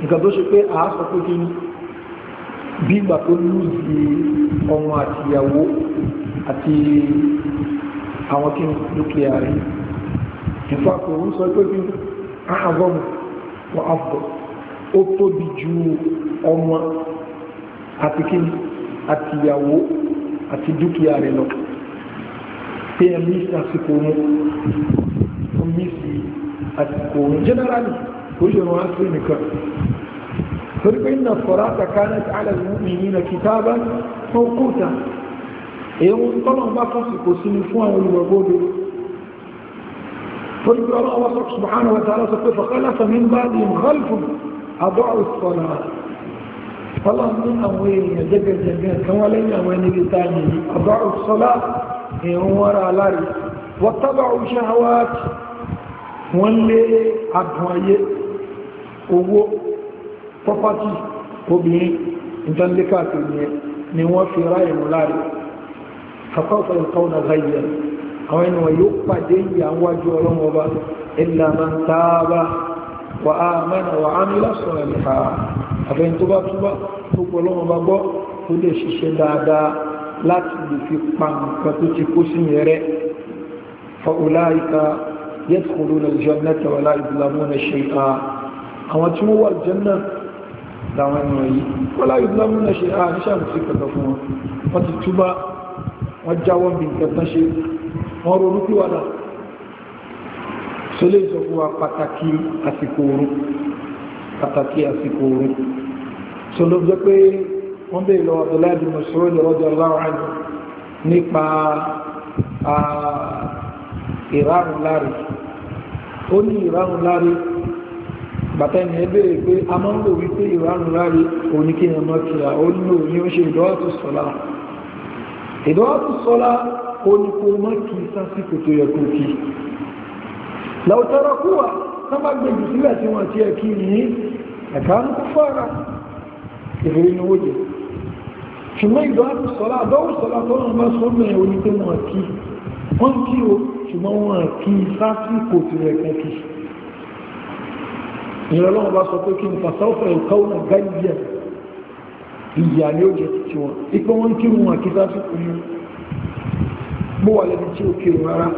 nǹkan tó ṣe pé àásọ pé kí bí ìgbà tó lùzì ọmọ àtìyàwó àti àwọn kí ní dúkìá rẹ̀ ìfà kò sọ pé kí ààbọ̀mù wọ́n àbọ̀ ó tóbi ju ọmọ àti kí àtìyàwó àti dúkìá rẹ̀ lọ pé ẹ mí àsìkò wọn ó mí sí àsìkò wọn jẹ́nẹ́rálì kò ṣe wọn sí nìkan torí pé iná sọ̀rọ̀ àtàkánà tí alẹ́lú mi ní kìtàbá tó kúta èyí tọ́nà bá fọ́sìkò sínú fún àwọn olùgbàgbọ́dọ̀ torí pé ọlọ́wọ́ sọ subhanahu wa ta'ala sọ pé fọ́kànlá sàmín bá di mọ́lùfún àbọ̀rù sọ̀rọ̀ ọlọ́run ní àwọn èèyàn jẹ́gẹ̀jẹ̀gẹ̀ kan wọ́n lẹ́yìn àwọn ẹni èèyàn wọ́n ra aláre wọ́tábà a hawaii wọ́n lé adùn ayé owó property obìnrin ìtànlẹ́kà àtìyẹ ni wọ́n fi ra ìrùn láre kàfáfà ìkọ́nà láyé A ènìyàn sọ̀rọ̀ nìkan àfẹ́yìn tó bá túbá tó pọ̀ ọlọ́mọ gbọ́ tó lè ṣiṣẹ́ dáadáa láti lè fi pa nǹkan tó ti kó sínú rẹ̀ fa'ulaika yadkhuluna aljannata wa la yuzlamuna shay'a àwọn tí wọ́n wà jẹ́nà láwọn ẹnu yìí wa la yuzlamuna shay'a níṣà mú sí kẹta fún wọn wọ́n ti túbá wọ́n jáwọ́ bí nǹkan tán ṣe wọ́n ronú pí wàdà sólé ìsọ̀fún wa pàtàkì àsìkò oorun pàtàkì àsìkò oorun sọlọ́jọ́ pé wọ́n bèèrè lọ Abdullahi bin Mas'ud radiyallahu anhu nípa ìrarùn láre ó ní ìrarùn láre bàtà ẹni ẹ bèèrè pé a máa ń lò wípé ìrarùn láre oníkíyàn mọ́kíyà ó ní lò ní ó ṣe ìdọ́wàtú sọ́lá ìdọ́wàtú tí wọ́n ti ẹ̀ ní ẹ̀ka ń kú fọ́ra ìfèrè ni ṣùgbọ́n ìlú àbùsọ́lá àbẹ́wòsọ́lá tó ń bá sọ́nà ẹ̀ oní pé wọ́n kí wọ́n kí o ṣùgbọ́n wọ́n kí sásìkò ti rẹ̀ kẹ́kì ìrọ̀lọ́wọ́ bá sọ pé kí n fàṣọ́fẹ́ ìkọ́wọ́n gáyìí ìyà ni ó jẹ títí wọn ipò wọn kí wọn àti sásìkò yìí bó wà lẹ́bi tí ó kírun rárá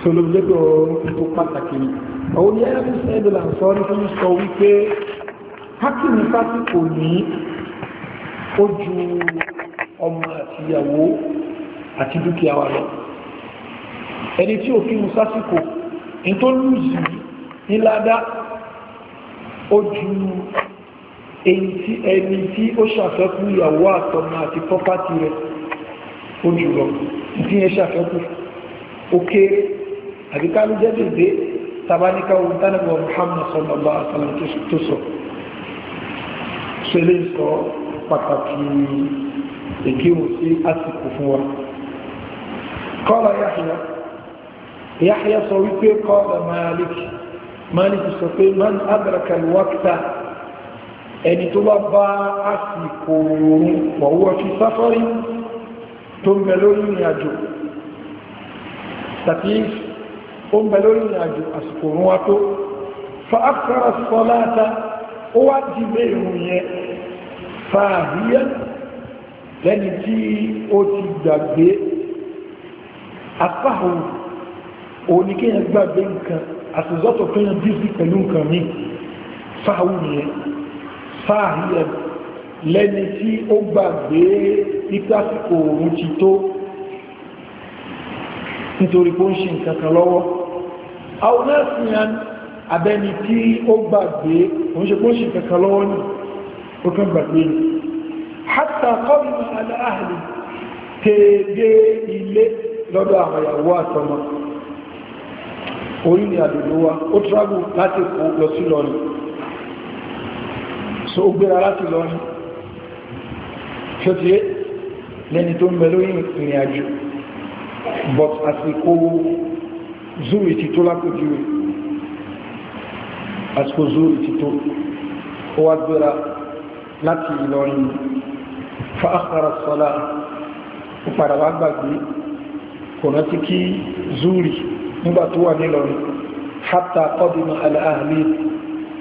tó ló jẹ́ pé ọ̀rọ̀ tó pàtàkì ni àwọn yẹ́rẹ́ bí sẹ́ẹ̀dì là ń sọ ní fún sọ wípé hákìmù sásìkò yìí ó ju ọmọ àtìyàwó àti dúkìá wa lọ ẹni tí òfin musásìkò ní tó lùzì ní ládá ó ju ẹni tí ó ṣàfẹ́kù ìyàwó àtọmọ àti pọ́pátì rẹ̀ ó jù lọ ìdí yẹn ṣàfẹ́kù ó kéré àbíkálù jẹ́ dèdè tabanika ohun tánàbọ̀ Muhammad sallallahu alaihi wasallam tó sọ pàtàkì ìkírun sí àsìkò fún wa kọ́lá yáhìá yáhìá sọ wípé kọ́lá máàlìkì máàlìkì sọ pé man adraka alwaqta ẹni tó bá bá àsìkò oòrùn wọ̀wọ́ fi sáfọ́rí tó ń bẹ lórí ìrìn àjò tàbí ó ń bẹ lórí ìrìn àjò àsìkò oòrùn wa tó fa akthara salata ó wá dìbẹ̀ ìrùn yẹn fàáhíyà lẹ́ni tí ó ti gbàgbé apáhùn oníkéyàn gbàgbé nǹkan àtìzọ́tọ̀ kéyàn dísí pẹ̀lú nǹkan ní fàáhùn yẹn fàáhíyà lẹ́ni tí ó gbàgbé ìtàsìkò òun ti tó nítorí pé ó ń ṣe nǹkan kan lọ́wọ́ àwọn náà sí abẹ́ni tí ó gbàgbé òun ṣe pé ń ṣe nǹkan kan lọ́wọ́ nìí ó tún gbàgbé hátà kọ́bìnà aláàlì tèèdè ilé lọ́dọ̀ àwọn ìyàwó àtọmọ orí ni àdòdó wa ó travel láti kó lọ sí lọ́rin so ó gbéra láti lọ́rin tí ó ti yé lẹ́ni tó ń bẹ ìrìn àjò but àsìkò zuru ti tó lápòjú rẹ̀ àsìkò zuru ti tó ó wá gbéra láti Ìlọrin fa akhara sọ́lá ó padà wá gbàgbé kò rántí kí zúrì nígbà tó wà nílọrin hatta qadima al-ahli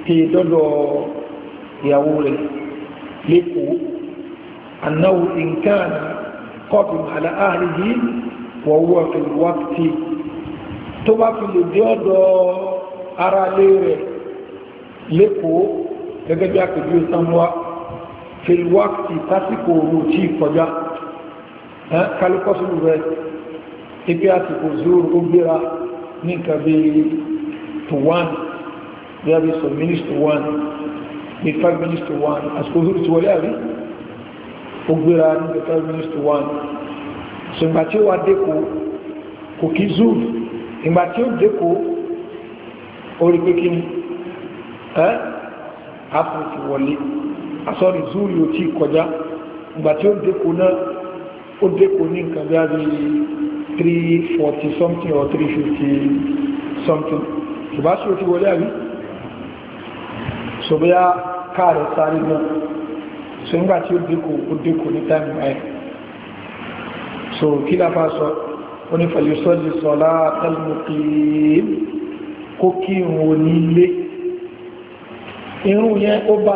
tí dọ́dọ̀ ìyàwó rẹ̀ lẹ́kọ̀ọ́ annahu in kana qadima al-ahlihi wa huwa fi waqti tó bá fi lè dé ara lé lẹ́kọ̀ọ́ gẹ́gẹ́ bí àpèjú ìsanwó fèlúwákìtì tásìkò òun tí kọjá kálùkọ́sùlù rẹ̀ ipé àsìkò zúrù ó gbéra ní nǹkan bí to one there be some minutes to one be five minutes to one àsìkò zúrù ti wọlé àrí ó gbéra ní the five minutes to one so ìgbà tí ó wà dẹ́kò kò kí zúrù ìgbà tí ó dẹ́kò orí pé kí ni ẹ́ ti wọlé àsọ́rì ah, zúrì ò tí kọjá ìgbà tí ó dékò náà ó dékò ní nǹkan bí i 340 something or 350 something ṣùgbọ́n sí o ti wọlé àrí ṣùgbọ́n yá káàrẹ̀ sáré náà so nígbà tí ó dékò ó dékò ní táìmù ẹ̀ so kí láfà sọ ó ní fàyọsọ́lì sọ́lá tẹ́lùmùkì kó kí ìrùn onílé ìrùn yẹn ó bá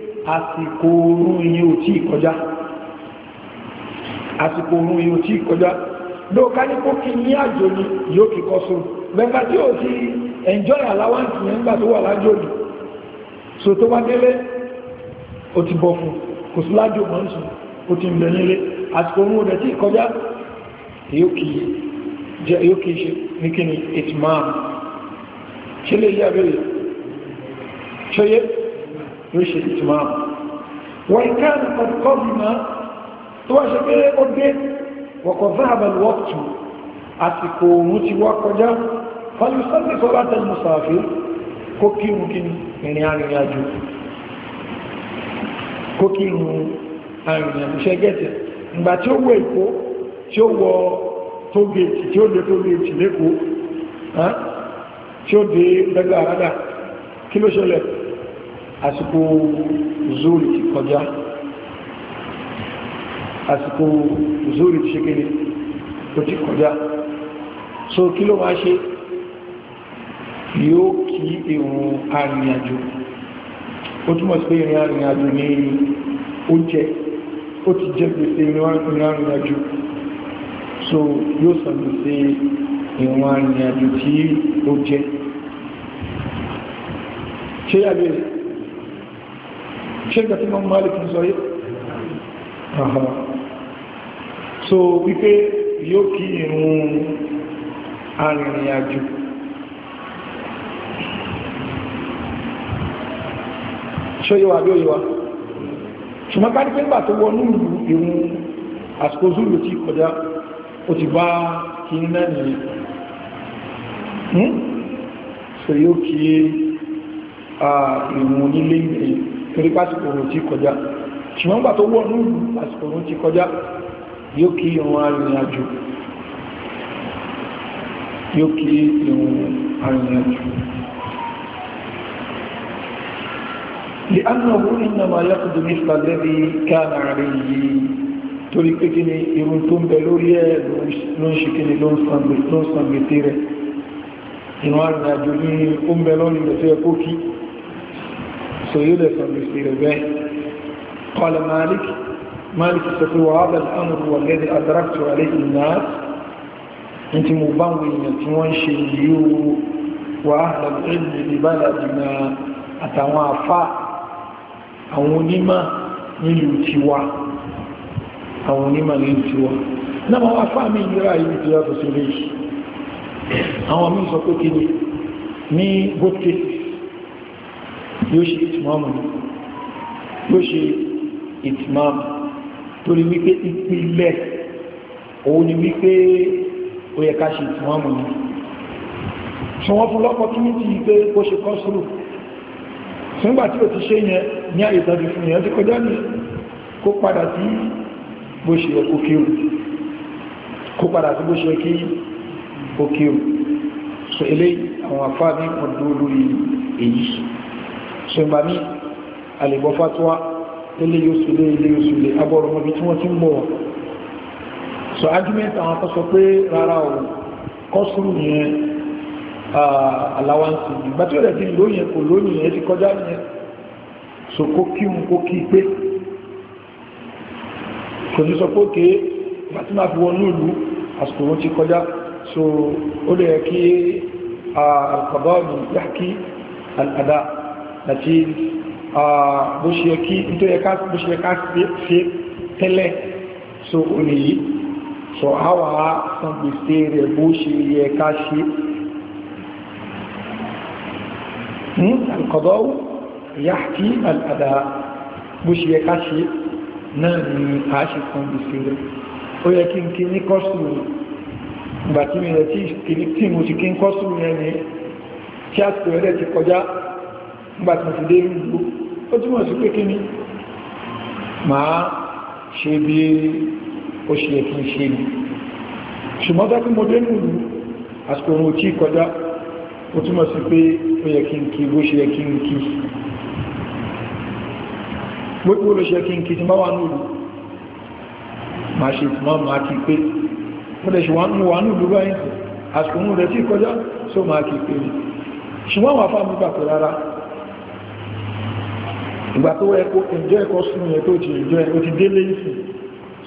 àsìkò oorun yìí ò tí kọjá àsìkò oorun yìí ò tí kọjá ló ká ní kó kí ní àjò ni yóò kí kọ́ sóòrùn mẹ́gbà tí ó ti enjoy allowance nígbà tó wà lájò ni so tó bá délé ó ti bọ̀ fún kò sí lájò mọ́ sùn ó ti bẹ̀ nílé àsìkò oorun rẹ̀ tí kọjá yóò kí ṣe ní kí ni ìtìmáà ṣe lè yí abẹ́rẹ́ ṣe yé yóò ṣe ìtìmáà wọ́n ká nǹkan kọ́ bí ṣe pé ó dé wọ̀kọ̀ záàbẹ̀lú wọ́pùtù àsìkò kọjá fàlùsọ́lẹ̀ sọ́lá tẹ́lú mùsàáfí kó kírun kí ìrìn arìnrìnàjò kó kírun arìnrìnàjò ṣe gẹ́tẹ̀ ìgbà tí ó wọ èkó tí ó àsìkò zuri ti kọjá àsìkò zuri ti ṣekere tó ti kọjá so kí ló máa ṣe yóò kí ìrùn arìnrìnàjò ó túnmọ̀ sí pé ìrìn arìnrìnàjò ní ó jẹ́ ó ti jẹ́ gbèsè ìrìn arìnrìnàjò so yóò sọ gbèsè ìrìn arìnrìnàjò tí ó jẹ́ ṣe yàgbé ṣe gbà tí wọ́n Malik ń sọ yé so wípé yóò kí ìrun arìnrìnàjò ṣe yíwa bí ó yíwa ṣùgbọ́n ká ní pé nígbà tó wọnú ìrun àsìkò zulu ti kọjá ó ti bá kí hmm? so yóò kí ìrun ah, nílé ìrìn torí pásìkò òun ti kọjá ṣùgbọ́n gbà tó wọ́n ní pásìkò òun ti kọjá yóò kí ìrun arìnrìnàjò yóò kí ìrun arìnrìnàjò لأنه إنما يقضي مثل الذي كان عليه torí pé kí ni irun tó ń bẹ lórí ẹ̀ ló ń ṣe kí ni ló ń sàmì ní ó ń bẹ lórí rẹ̀ so yóò lè قال مالك مالك سفر وهذا الأمر والذي أدركت عليه الناس أنت مبوية وانشي يو وأهل العلم ببلدنا أتوافى أو نما نلتوى أو نما نلتوى náà wọ́n afá mi ìlera ibi tí yàtọ̀ sí ilé yìí àwọn yóò ṣe ìtìmọ́mù yóò ṣe ìtìmọ́mù torí wípé ìpìlẹ̀ òun ni wípé ó yẹ ká ṣe ìtìmọ́mù ni ṣe wọ́n fún lọ́pọ̀ kí ní ti pé ó ṣe kọ́ sùúrù nígbà tí ó ti ṣe yẹn ní àìsàbí fún yẹn ti kọjá ní kó padà sí bó ṣe ẹkú kéwù kó padà sí bó ṣe ẹkí ó kéwù so eléyìí àwọn àfáà ní ọdún olórí èyí ṣùgbà ní àlèbọ̀ fatuwa ilé yóò sílé ilé yóò sílé abọ́rọ̀ mọ́bí tí wọ́n ti ń bọ̀ wọ́n so argument àwọn tó sọ pé rárá o kọ́sùn yẹn aláwáǹsì ìgbà tí ó rẹ̀ lóyìn kò lóyìn ẹ̀ ti kọjá yẹn so kó kí n kó kí pé kò ní sọ pé òkè ìgbà tí máa fi wọnú ìlú àsìkò wọn ti kọjá so ó lè kí alkọ̀bọ́ọ̀nù yá kí al'adá àti bó ṣe yẹ kí tó yẹ ká ṣe tẹ́lẹ̀ so ó lè yí so àwa san gbèsè rẹ̀ bó ṣe yẹ ká ṣe alkọ̀dọ́ yá kí alàdá bó ṣe yẹ ká ṣe náà ni a ṣe san gbèsè rẹ̀ ó yẹ kí n kí ní kọ́sùn ìgbà mi rẹ̀ tí mo ti kí ń kọ́sùn yẹn ni tí àsìkò rẹ̀ ti kọjá nígbà tí wọ́n ti dé ìlú ó túnmọ̀ sí pé kí ni máa ṣe bí ó ṣe kí n ṣe ni ṣùgbọ́n tó kí mo dé ìlú àsìkò òun tí kọjá ó túnmọ̀ sí pé ó yẹ kí n kí bó ṣe yẹ kí kí gbogbo ló ṣe kí n kí ti máa wà nílùú máa ṣe tí máa kí pé ó lè ṣe wà nílùú báyìí àsìkò òun rẹ̀ tí kọjá só máa kí pé ṣùgbọ́n wà fáwọn gbà pẹ̀ rárá ìgbà tó wẹ́ ẹjọ́ ẹ̀kọ́ sún yẹn tó ti ẹjọ́ ẹ̀kọ́ ti délé ìsìn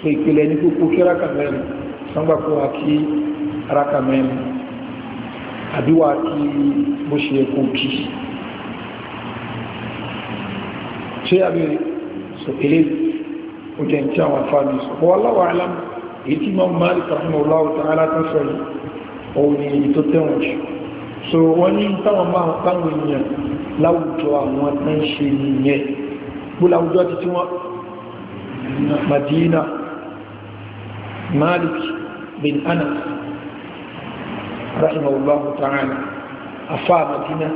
so ìpìlẹ̀ ní kókó kí ráka mẹ́rin sọ́ngbà kó wa kí ráka mẹ́rin àbí wa kí bó ṣe ẹ̀kọ́ kí ṣé àbẹ̀rẹ̀ so èlé ó jẹ́ ní àwọn afáàní sọ wọ́n láwọ̀ alám èyí tí mọ́ máa ń kàfún ọlọ́wọ́ tó alátọ́sọ yìí òun ni èyí tó so wọ́n ní táwọn máa ń pàwọn èèyàn láwùjọ àwọn tán ṣe nìyẹn bó láwùjọ ti tí wọ́n Madina Malik bin Anas rahimahullahu ta'ala afa Madina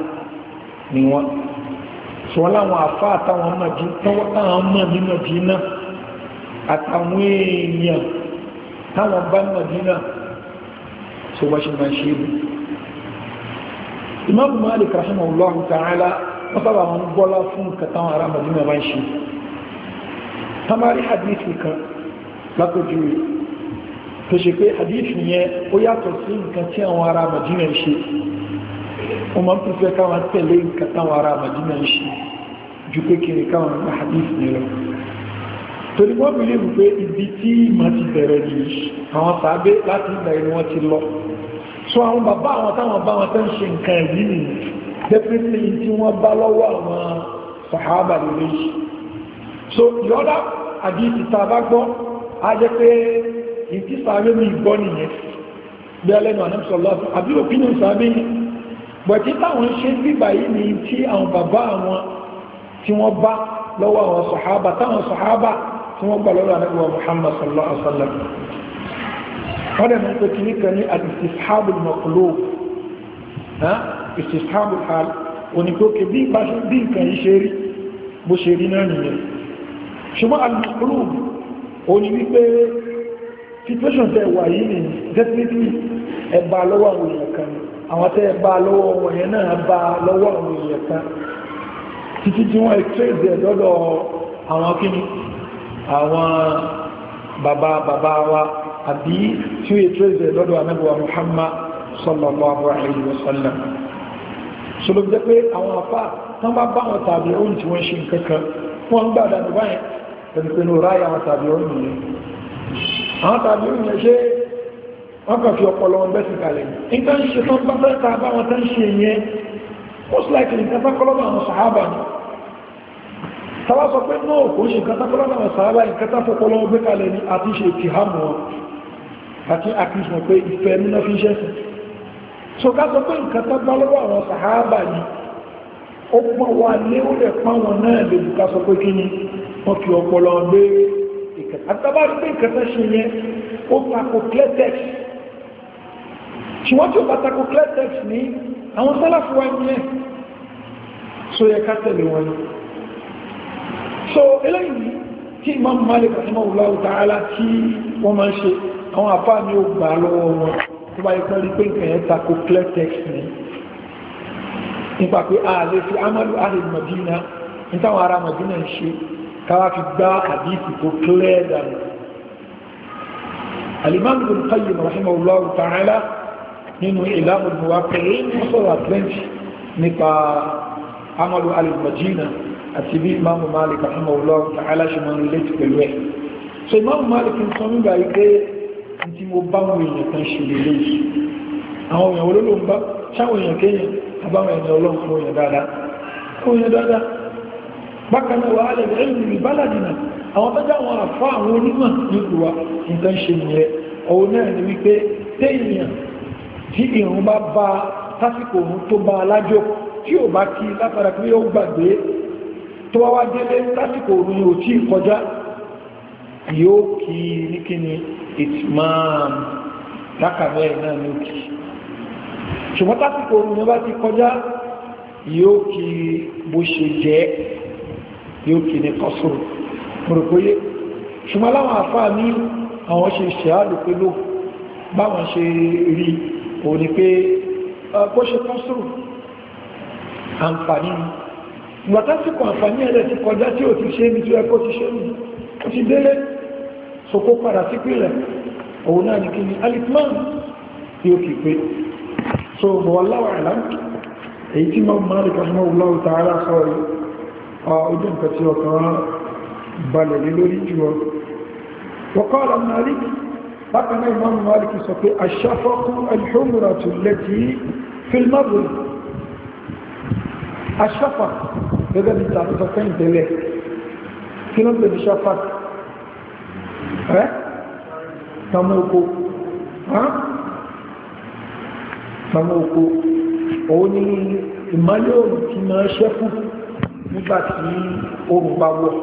ni wọ́n so wọ́n láwọn afa àtàwọn mọ̀ ní Madina àtàwọn èèyàn táwọn bá Madina so wọ́n ṣe máa ṣe é imam malik rahimahullah ta'ala wọ́n sábà wọn bọ́lá fún kàtà ara madina bá ń ṣe tamari hadithi kan lápòjúwe tó ṣe pé hadithi yẹn ó yàtọ̀ sí nǹkan tí àwọn ará madina ń ṣe wọ́n máa ń tún fẹ́ káwọn tẹ̀lé nǹkan táwọn ará madina ń ṣe ju pé kiri káwọn nípa hadith ni lọ torí wọ́n bí ibi tí ìmọ̀ ti bẹ̀rẹ̀ nìyí àwọn sàábé láti ìgbà ẹni ti lọ so àwọn bàbá àwọn táwọn bá wọn tẹ́ ń ṣe nǹkan ẹ̀rí nì definitely tí wọ́n bá lọ́wọ́ àwọn sàhábà lórí so yọ́dá àdìsí tá a bá gbọ́ a jẹ́ pé ìtí sàárẹ́ mi gbọ́ nìyẹn bí alẹ́nu ànámsọ̀lọ́sọ àbí opinion sàárẹ́ yìí bọ̀tí táwọn ṣe gbígbà yìí ni tí àwọn bàbá àwọn tí wọ́n bá lọ́wọ́ àwọn sàhábà táwọn sàhábà tí wọ́n gbà lọ́wọ́ ànábì wa Muhammad sallallahu wọ́n dẹ̀ mọ́ pé kìíní kan ní al-istishabu al-maqlub istishabu hal onígbókè bí nǹkan yìí ṣe rí bó ṣe rí náà nìyẹn ṣùgbọ́n al-maqlub oní wípé situation tẹ wà yìí ni definitely ẹba lọ́wọ́ àwọn èèyàn kan àwọn tẹ́ ẹba lọ́wọ́ wọn yẹn náà bá lọ́wọ́ àwọn èèyàn kan títí tí wọ́n trace àwọn kíni àwọn bàbá bàbá wa àbí tí ó yẹ tó ẹ̀zẹ̀ lọ́dọ̀ anábíwa Muhammad sallallahu alayhi wa sallam so ló jẹ́ pé àwọn afá tán bá bá wọn tàbí oún tí wọ́n ṣe kankan wọ́n ń gbàdà ní báyìí pẹ̀lú pé ní ó ráyà àwọn tàbí oún yẹn àwọn most likely nǹkan tán kọ́lọ́bà àwọn sàhábà ni tàbá sọ pé náà kò ṣe nǹkan tán kọ́lọ́bà àwọn ni àti ṣe ìtìhámù wọn àti àkíṣùn pé ìfẹ́ múná fi ṣẹ́sìn so ká sọ pé nǹkan tó gbá lọ́wọ́ àwọn sàhábà yìí ó pọ́n wa lé ó lè pọ́n wọn náà lè ká sọ pé kí ni wọ́n fi ọpọlọ gbé ìkẹta àtàbá rí tí ó bá tako cletex ní àwọn so yẹ ká tẹ̀lé wọn ni so eléyìí tí wọ́n máa ń ṣe àwọn àbá mi ò gbà lọ́wọ́ wọn tó bá ikọ́ rí pé nǹkan yẹn tako clear text ni nípa pé a lè fi amalu alè Madina nítawọ̀ ara Madina ń ṣe káwá fi gbá àdísì tó clear dànù alimami bin Qayyim rahimahullahu ta'ala nínú ìlànà ìmúwápẹ̀rẹ̀ ń sọ̀rọ̀ àtúrẹ́ǹtì nípa amalu alè Madina àti bí imaamu Malik rahimahullahu ta'ala ṣe mọ́ ní létí pẹ̀lú ẹ̀ so imaamu Malik ń sọ nígbà yìí pé tí mo bá wọn èèyàn kan ṣe lè lè ṣe àwọn èèyàn olóòlò ń bá sáwọn èèyàn kéèyàn àbáwọn èèyàn ọlọ́run èèyàn dáadáa fún èèyàn dáadáa bákan wà á lè rí ẹ̀yìn rí àwọn tọ́jú àwọn àfá àwọn onímọ̀ nílùú nǹkan ṣe nìyẹn ọ̀hún náà ni wípé téèyàn tí ìrùn bá bá tásìkò òun tó bá alájò tí ò bá kí látara pé ó gbàgbé tó wá wá délé tásìkò òun ò tí kọjá yóò kí ní kí ni itman lákàbẹ́ ẹ̀ náà ní òkè ṣùgbọ́n tásìkò òun bá ti kọjá yóò kí bó ṣe jẹ́ yóò kí ní kọsùrù mọ̀rọ̀kóyé ṣùgbọ́n láwọn àfáà ní àwọn ṣe ṣàádù pé ló báwọn ṣe rí o ní pé bó ṣe kọsùrù àǹfààní ìgbàtásìkò àǹfààní ẹ̀rẹ́ ti kọjá tí ò ti ṣe ní tí ó ti ṣe ní ó ti délé so kó padà sí pílẹ̀ òun náà ní kí ni alitman tí ó kì pé so wallahu a'lam èyí tí mọ́ malik rahimahullahu ta'ala sọ́rọ̀ ojú nǹkan tí ọkàn balẹ̀ lé lórí jù ọ وقال مالك لكن الإمام مالك يسمي الشفق الحمرة التي في المغرب الشفق gẹ́gẹ́ bí tàbí sọ fẹ́ ìtẹ́lẹ̀ kí ló ń pè ní ṣafak ẹ́ tọmọ oko tọmọ oko òun ni ìmọ́lẹ̀ òun ti máa ṣẹ́kù nígbàtí oòrùn bá wọ̀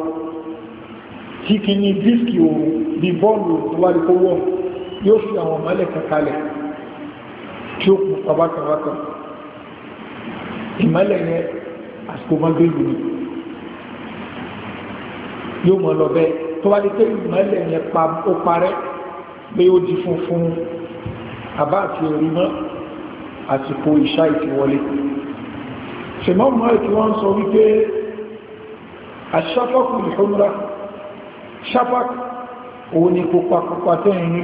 tí kí ní dísìkì òun bí bọ́ọ̀lù tó wá lóko wọ̀ yóò fi àwọn ìmọ́lẹ̀ kankalẹ̀ tí ó kún pàbákanwákan ìmọ́lẹ̀ yẹn àsìkò mọ́gbẹ́lú ni yóò mọ́ lọ bẹ́ẹ̀ tó wá di pé ìmọ̀lẹ̀ yẹn pa ó parẹ́ pé ó di funfun àbá àti orí mọ́ àsìkò ìṣá ìtiwọlé ṣèmọ́ mọ́ ìtí wọ́n sọ wípé aṣáfàkù ìhúnra ṣáfàkù òun ni kò papọ̀pá tó ń rí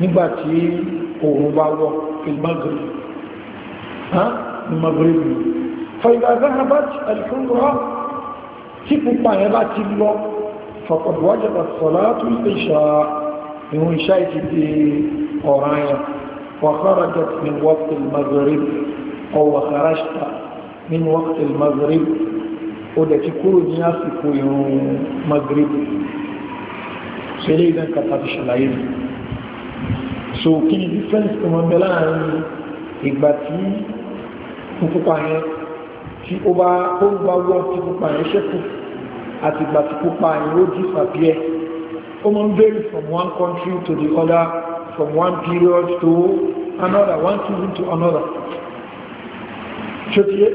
nígbàtí òun bá wọ ìmọ̀gìrì ìmọ̀gìrì fàìdàgbà bá ti àìfúnra tí pupa yẹn bá ti lọ فقد وجبت صلاة العشاء من شيء قرآن وخرجت من وقت المغرب أو خرجت من وقت المغرب ودتي كل الناس يكون مغرب سيدا كتاب شلعين so kí ni difference tó máa ń bẹ láàrin ìgbà tí fúnfúnpa yẹn tí ó bá ó gba wọ́n tí fúnfúnpa yẹn ṣẹ́kù àti ìgbà tí pupa yẹn ó disappear ó máa ń vary from one country to the other from one period to another one season to another ṣòtìyẹ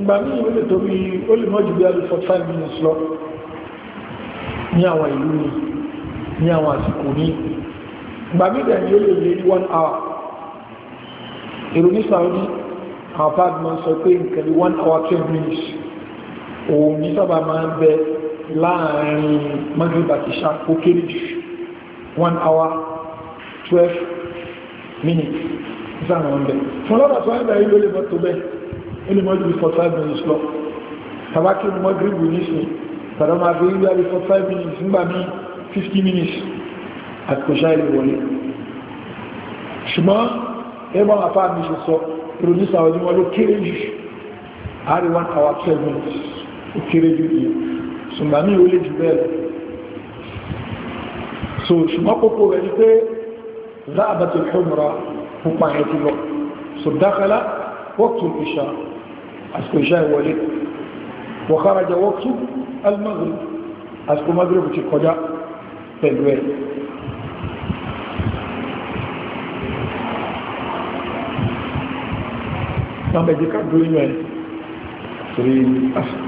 ìgbà míì ó lè tóbi ó lè mọ́ jù bí alẹ́ for five minutes lọ ní àwọn ìlú ni ní àwọn àsìkò ní ìgbà míì dẹ̀ ni ó lè lé one hour èrò ní Saudi àwọn fáàdì máa ń sọ pé nǹkan ní one hour twelve minutes òun ní sábà máa ń bẹ láàrin magrib àti ṣá ó kéré jù one hour twelve minutes sáàmù ọ̀bẹ̀ fún lọ́dọ̀ tó ẹgbẹ̀ yìí ló lè mọ́tò bẹ́ẹ̀ ó lè mọ́jú bí forty five minutes lọ tàbákì magrib nísìn tàbá máa fi yíyá bí forty five minutes nígbà míì fifty minutes àtìkò ṣá ilé wọlé ṣùgbọ́n ẹgbọ́n àfáà mi ṣe sọ ìròyìn sàwọn ọdún wọn ló kéré jù àárí one hour twelve minutes ó kéré jù yìí ṣùgbà mí ó lè jù bẹ́ẹ̀ so ṣùgbọ́n kókó rẹ̀ ní pé záàbàtì humra pupa yẹn ti lọ so dákàlá wọ́ktù ìṣà àsìkò ìṣà ìwọlé wọ̀kárajà wọ́ktù almaghrib àsìkò maghrib ti kọjá pẹ̀lú ẹ̀ Nàbẹ̀díkà dúró ní ẹ̀ torí àsìkò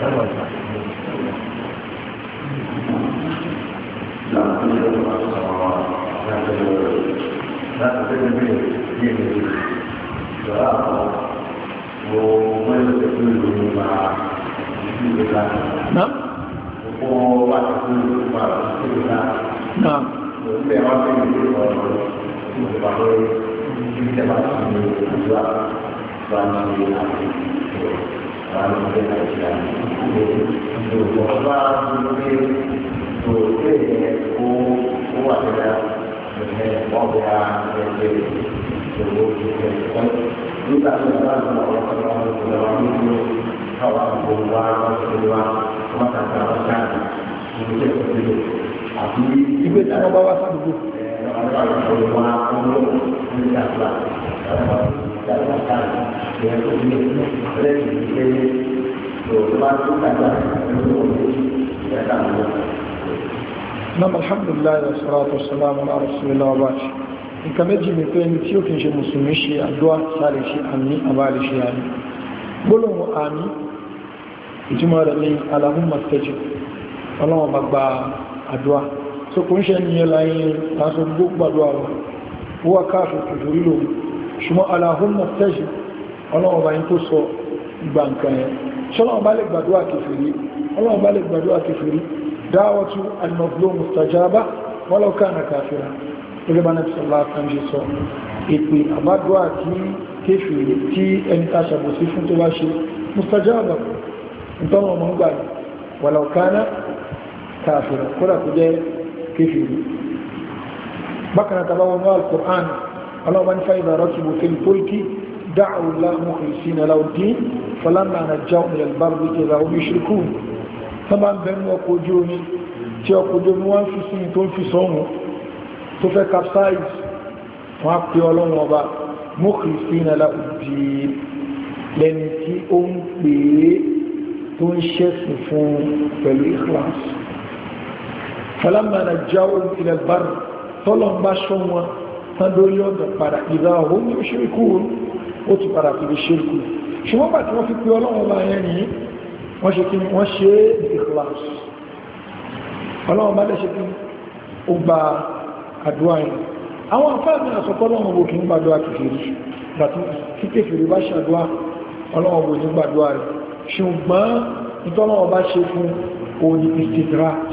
نعم نعم نعم Ibu tak bawa satu buku. Orang-orang yang bawa satu buku nam alhamdulilayi wa salatu wa salamu ala rasulillah wa baati nǹkan méjì mi pé ní tí ó kìí ṣe mùsùlùmí ṣe àdúrà sáré ṣe àmì àbáàlì ṣe àmì gbólóhùn àmì ìtumọ̀ rẹ̀ ní alahumma stajib ọlọ́wọ́n bá gba àdúrà so kò ń ṣe ní ẹlẹ́yìn tàṣọ gbogbo àdúrà wọn wọ́n káàkiri kìtòrí lòun ṣùgbọ́n aláhùnmọ̀ tẹ́ṣì ọlọ́ọ̀bá yìí tó sọ gbà nǹkan yẹn ṣọ́lọ́ọ̀bá lè gbàdúwà kìfìrí ọlọ́ọ̀bá lè gbàdúwà kìfìrí dáwọ́tú al-mazlum mustajaba wọ́n lọ́kà na kàfíra ilé bá nàbí sọ́lá kanji sọ ìpè àbádọ́à kí kéfìrí tí ẹni tàṣàbò sí fún tó bá ṣe mustajaba ìtọ́nà ọmọ ń gbà wọ́n lọ́kà na kàfíra wọn wá al ọlọ́wọ́n ní fáyidà rọ́kìbù fil fulki dáàwù láàmú ìsìn aláwọ̀dín fọlámà àjáwọn ìyàlbáwò ìjẹ̀lá omi ṣirkú tó bá ń bẹnu ọkọ̀ ojú omi tí ọkọ̀ ojú omi wọ́n fi sin tó ń fi sọ́hun tó fẹ́ capsize wọ́n á pè ọlọ́run ọba mukhlisin aláwọ̀dín lẹ́ni tí ó ń pè é tó ń ṣẹ́sìn fún pẹ̀lú ikhlas fọlámà àjáwọn ìyàlbáwò tọ́lọ́ ń bá ṣọ́ wọn tán lórí ọ̀dọ̀ padà ìdá òun ní òṣèríkú ó ti padà fi ṣèríkú ṣùgbọ́n bá tí wọ́n fi pé ọlọ́run bá yẹn ní wọ́n ṣe kí wọ́n ṣe ikhlas ọlọ́run bá dẹ̀ ṣe kí ó gba àdúrà yẹn àwọn afẹ́mi àsọpọ̀ ọlọ́run bò kí ń gbàdúrà kìfèrí bàtí kíkèfèrí bá ṣàdúrà ọlọ́run bò ní gbàdúrà rẹ̀ ṣùgbọ́n ìtọ́lọ́run bá ṣe fún òní istidraj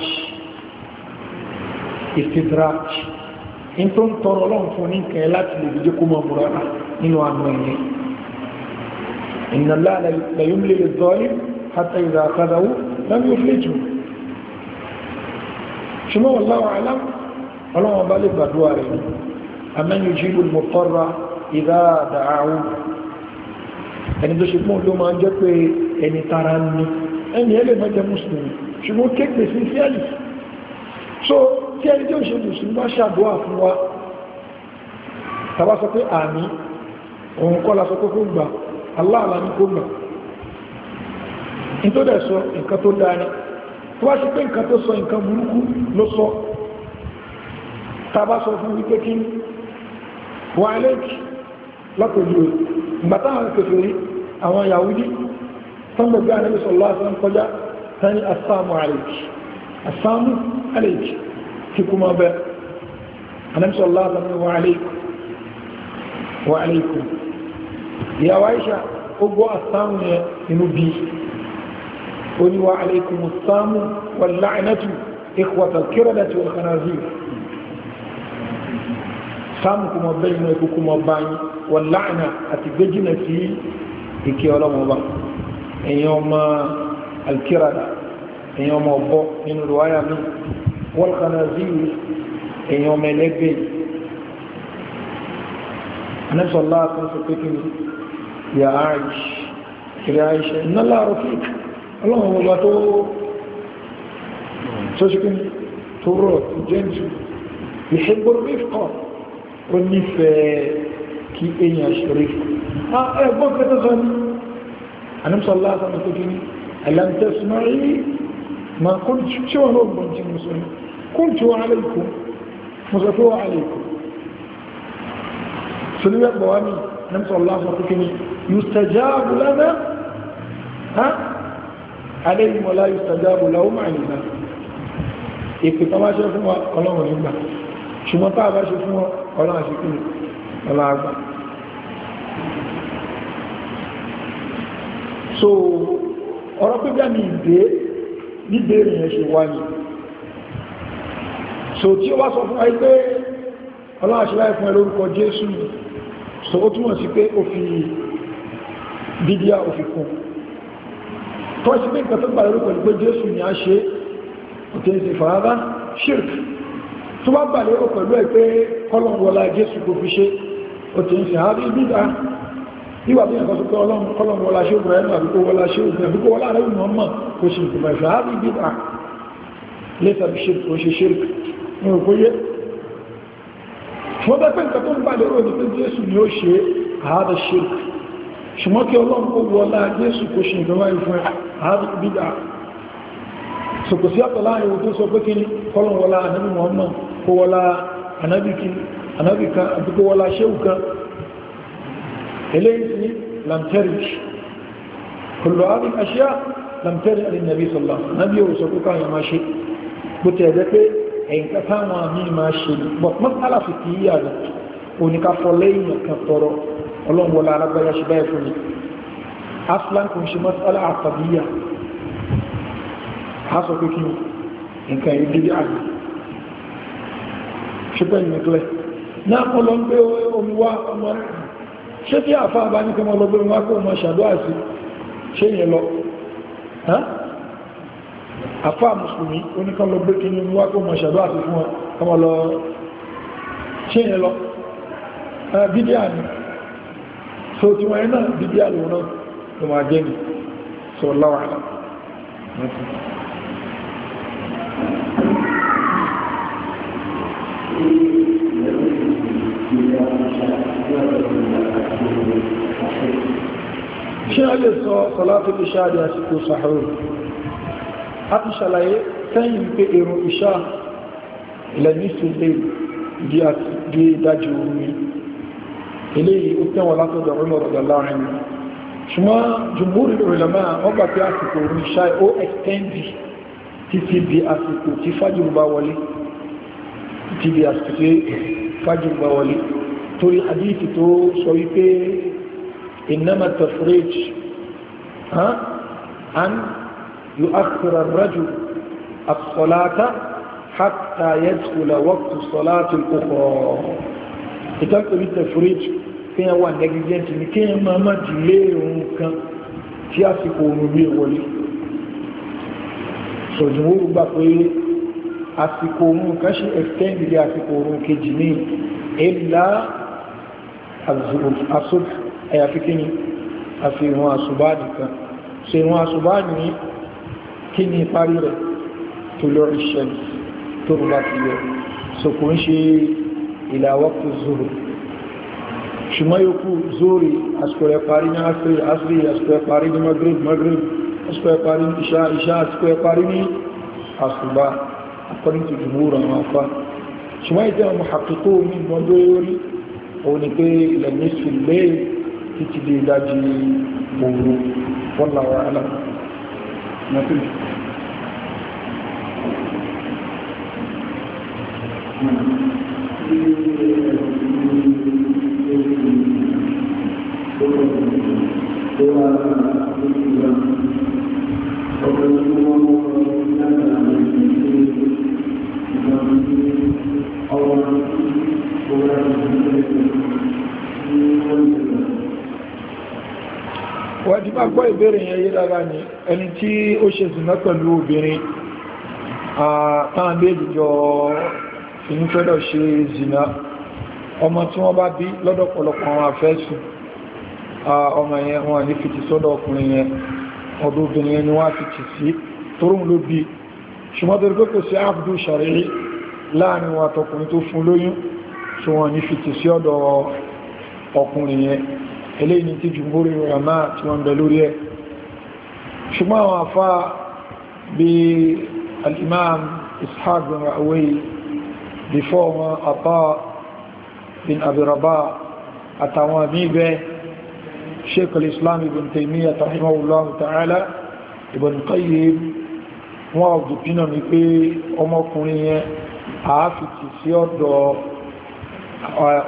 istidraj in tó ń tọrọ lọ́n fún ní kẹ́ láti lè fi jẹ́ kó mọ̀ múra nínú àmì ẹ̀yẹ inna Allah la yumli lidh-dhalim hatta idha akhadhahu lam yuflithu ṣùgbọ́n wallahu a'lam ọlọ́wọ́n bá lè gbàdúrà rẹ̀ ni amman yujibu al-mudtarra idha da'ahu ẹni tó ṣe fún ló máa jẹ́ pé ẹni tara ní ẹni ẹlẹ́mẹ́jẹ mùsùlùmí ṣùgbọ́n kéèkè sí sí so tí ẹni tí ó ṣe mùsùlùmí bá ṣàdúrà fún wa tàbá sọ pé àmì òun kọ́ la sọ pé kó gbà aláàlá ní kó gbà ní tó dẹ̀ sọ nǹkan tó dáa ni tó wá ṣe pé nǹkan tó sọ nǹkan burúkú ló sọ tàbá sọ fún wípé kí wà lẹ́kì lápòjú rẹ̀ ìgbàtà àwọn kèfèrí àwọn Yahudi tọ́gbọ̀gbẹ́ ànẹ́bí kíkú mọ́ bẹ́ anẹ́sọ̀lá wa alaykum ìyàwó aisha ó gbọ́ àsáàmù yẹn inú bí ó ní wa alaykum sáàmù wal la'natu ikhwata al-qiradati wal khanazir sáàmù kú mọ́ bẹ́ inú ẹkùkú mọ́ báyìí wal la'na àti gbéjìnà sí ìkẹ́ ọlọ́mọba ẹ̀yàn ọmọ al-qirada ruwaya náà wọ́n kaná sí èèyàn ọmọ ẹlẹ́gbẹ́ anẹ́sọ̀lá tó sọ pé kí ya aish kiri aish iná láàrọ̀ kí ọlọ́run ọba tó sọ́síkí tó rọ̀ tó jẹ́ntù ìṣẹ́gbọ́ rífkọ̀ ó nífẹ̀ẹ́ kí èèyàn ṣe rífkọ̀ ah, ẹgbọ́n kẹta sọ ní anẹ́sọ̀lá sọ pé kí ni alamtẹ́sùmọ́ rí ma kún tí wọ́n lọ́gbọ̀n tí mo sọ ní kúrùtù wa aláìkú mọ̀sọ̀tọ̀ wa aláìkú sọlúwẹ́ pọ̀ wá ní ẹmsọ̀ lásán tó kíní yustajabu lana ha alayhim wa la yustajabu lahum àyíká ìpè tó bá ṣe fún wa ọlọ́run nígbà so ọ̀rọ̀ pé bí a ní ìdè nídè rìn so tí ó wá sọ fún ẹgbẹ́ ọlọ́àṣíláì fún ẹlórúkọ jésù so ó túnmọ̀ sí pé ó fi bídíà ó fi kún tó sí pé nǹkan tó gbà lórúkọ ní pé jésù ni a ṣe òtẹ́sì fàábá shirk tó bá gbà lórúkọ pẹ̀lú ẹ pé kọlọ̀wọlá jésù kò fi ṣe òtẹ́sì àárí bídá nígbà tí nǹkan tó pé kọlọ̀wọlá ṣe òbúrẹ́ nù àbíkó wọlá ṣe òbúrẹ́ àbíkó wọlá rẹ̀ mọ̀ kò sì nǹkan bàṣà àárí bídá lẹ́tà bí shirk ó ṣe shirk ní òkúyé wọ́n bẹ́ pẹ́ nǹkan tó ń bá lérò ní pé jésù ni ó ṣe àádọ́ ṣe ṣùgbọ́n kí ọlọ́run kó wọlá jésù kó ṣe ìjọba ìfún àádọ́ bídà sọ̀kò sí àtọ̀ láàrin ohun tó sọ pé kí ní kọlùn wọlá anábì muhammad kó wọlá anábì kan àti kó wọlá ṣéhù kan eléyìí sí lamtẹ́rì kùlù àárín aṣíà lamtẹ́rì alìnàbí sọ̀lá anábì ò sọ pé káyọ̀ ṣe bó tẹ̀ pé ẹ̀ǹkan táwọn àmì máa ṣe ní but mọ́sálà fi kì í yà ní oníkàfọ́ lẹ́yìn tọrọ ọlọ́mọlá alágbáyà ṣe báyìí fún mi aslan kò ṣe mọ́sálà àtàbíyà a sọ pé kí nǹkan ṣe bẹ́ẹ̀ nìkẹ́lẹ̀ náà ọlọ́mgbé omi wá ọmọ ṣé kí àfáà bá kí wọ́n lọ gbé kó ṣàdúrà sí ṣé yẹn lọ àfáà mùsùlùmí oníkanlọ gbé kí ní wá kó mọ̀ ṣàdọ́ àti fún ọmọ lọ ṣe yẹn lọ bídíà ni so tí wọ́n yẹn náà bídíà lòun náà ló máa jẹ́ ni so láwà ṣe a lè sọ sọlátù ìṣáàdì àti kò sàhárò a ti ṣàlàyé sẹ́yìn pé èrò ìṣà lẹ́nìsílẹ̀ di ìdájí orí eléyìí ó tẹ́wọ̀n látọ̀dọ̀ orílẹ̀-èdè láàrin ṣùgbọ́n jùmúrí ìrìnlẹ̀má wọ́n gbà pé àsìkò orí ìṣà ó ẹ̀kẹ́ndì títí di àsìkò tí fájìrù bá wọlé títí di àsìkò tí torí àdíìtì tó sọ wípé ìnámà tafrij يؤخر الرجل الصلاة حتى يدخل وقت الصلاة الأخرى ìtàkì orí tẹ̀fúríj kí wọ́n wà negligent ní kí wọ́n máa máa dìlé ohun kan tí àsìkò oòrùn rí wọlé ṣòdìwó gbà pé àsìkò oòrùn kan ṣe extend ilé àsìkò oòrùn kejì ní ẹ̀là àyàfi kí ni àfi ìwọ̀n àṣùbáàdì kan ṣe ìwọ̀n àṣùbáàdì ní kí ni ìparí rẹ̀ tó lọ iṣẹ́ tó rú bá ti yẹ so kò ń ṣe ila waqtu zuhur ṣùgbọ́n yóò kú zuhuri àsìkò rẹ̀ parí ní asiri asiri àsìkò rẹ̀ parí ní magrib magrib àsìkò rẹ̀ parí ní isha isha àsìkò rẹ̀ parí àwọn afá ṣùgbọ́n ìjẹ́ ọmọ àkókò ní gbọ́ndó orí òun ni pé ilẹ̀ ní sílẹ̀ títí di ìdájí òru wọ́n làwọn aláàmọ́ wàjíbá gbọ́ ìbéèrè yẹn yé dára ni ẹni tí ó ṣe sùnmọ́ pẹ̀lú obìnrin àtàbí ah, ìjọ fi ń fẹ́dọ̀ ṣe zina ọmọ tí wọ́n bá bí lọ́dọ̀ pọ̀lọpọ̀ àwọn afẹ́sùn ọmọ yẹn wọn ní fìtì sọ́dọ̀ ọkùnrin yẹn ọdún obìnrin yẹn ni wọ́n fìtì sí torún ló bí ṣùgbọ́n tó kò sí abdu ṣàrírí láàrin wọn àtọkùnrin tó fún lóyún tí wọ́n ní fìtì sí ọ̀dọ̀ ọkùnrin yẹn eléyìí ni tí jùmbórí rama tí wọ́n bẹ lórí ẹ̀ ṣùgbọ́n àwọn afá bíi alimam imam ishaq bin rahway before wọn Ata bin Abi Rabah àtàwọn míì bẹ́ẹ̀ Sheikh al-Islam ibn Taymiyyah rahimahullahu ta'ala ibn Qayyim wọn ọ̀dù pínà ní pé ọmọkùnrin yẹn àáfìtì sí ọ̀dọ̀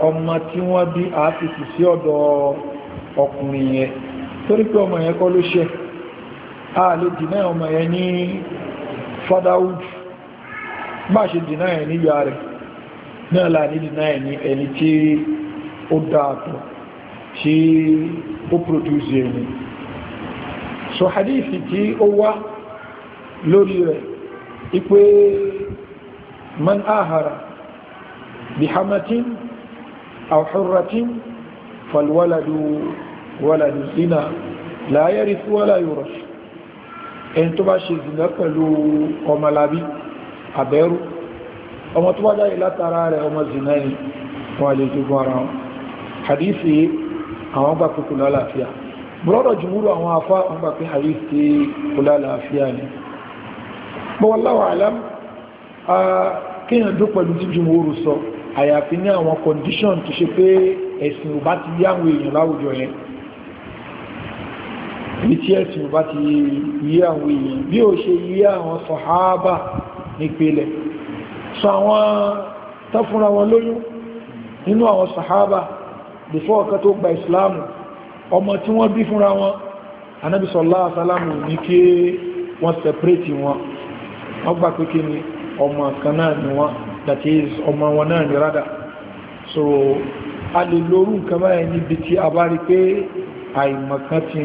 ọmọ tí wọ́n bí àáfìtì sí ọ̀dọ̀ ọkùnrin yẹn torí pé ọmọ yẹn kọ́ ló ṣẹ̀ a lè dìnà ọmọ yẹn ní fatherhood má ṣe dìnà yẹn níyà rẹ̀ náà là nídìí náà ní ẹni tí ó dáàtọ̀ tí ó produce ẹni so hadithi tí ó wá lórí rẹ̀ ipé man áhàrà bihamatin aw hurratin falwaladu waladu zina la yarithu wala yurath ẹni tó bá ṣe zina pẹ̀lú ọmọlábí àbẹ́rù ọmọ tó bá jáde látara rẹ̀ ọmọ zina ni wọ́n lè jogún ara wọn hadithi àwọn gbà pé kò lálàáfíà bọ́lọ́dọ̀ jùmúrù àwọn afá wọn gbà pé hadithi kò lálàáfíà ni wallahu alam kíyàn dún pẹ̀lú tí jùmúrù sọ àyàfi ní àwọn condition tó ṣe pé ẹ̀sìn ò bá ti yé àwọn èèyàn láwùjọ yẹn ibi tí ẹ̀sìn ò bá ti yé àwọn èèyàn bí ó ṣe yé àwọn sọ̀háábà nípele so àwọn tó fúnra wọn lóyún nínú sahaba before ọ̀kan tó gba ìsìláàmù ọmọ tí wọ́n bí fúnra wọn anábi sallallahu alaihi wasallam ní kí wọ́n separate wọn wọ́n gbà pé kí ni ọmọ kan náà ni wọ́n that is ọmọ wọn náà ni rádà so a lè lórú nǹkan báyìí níbi tí a bá rí pé àìmọ̀kan ti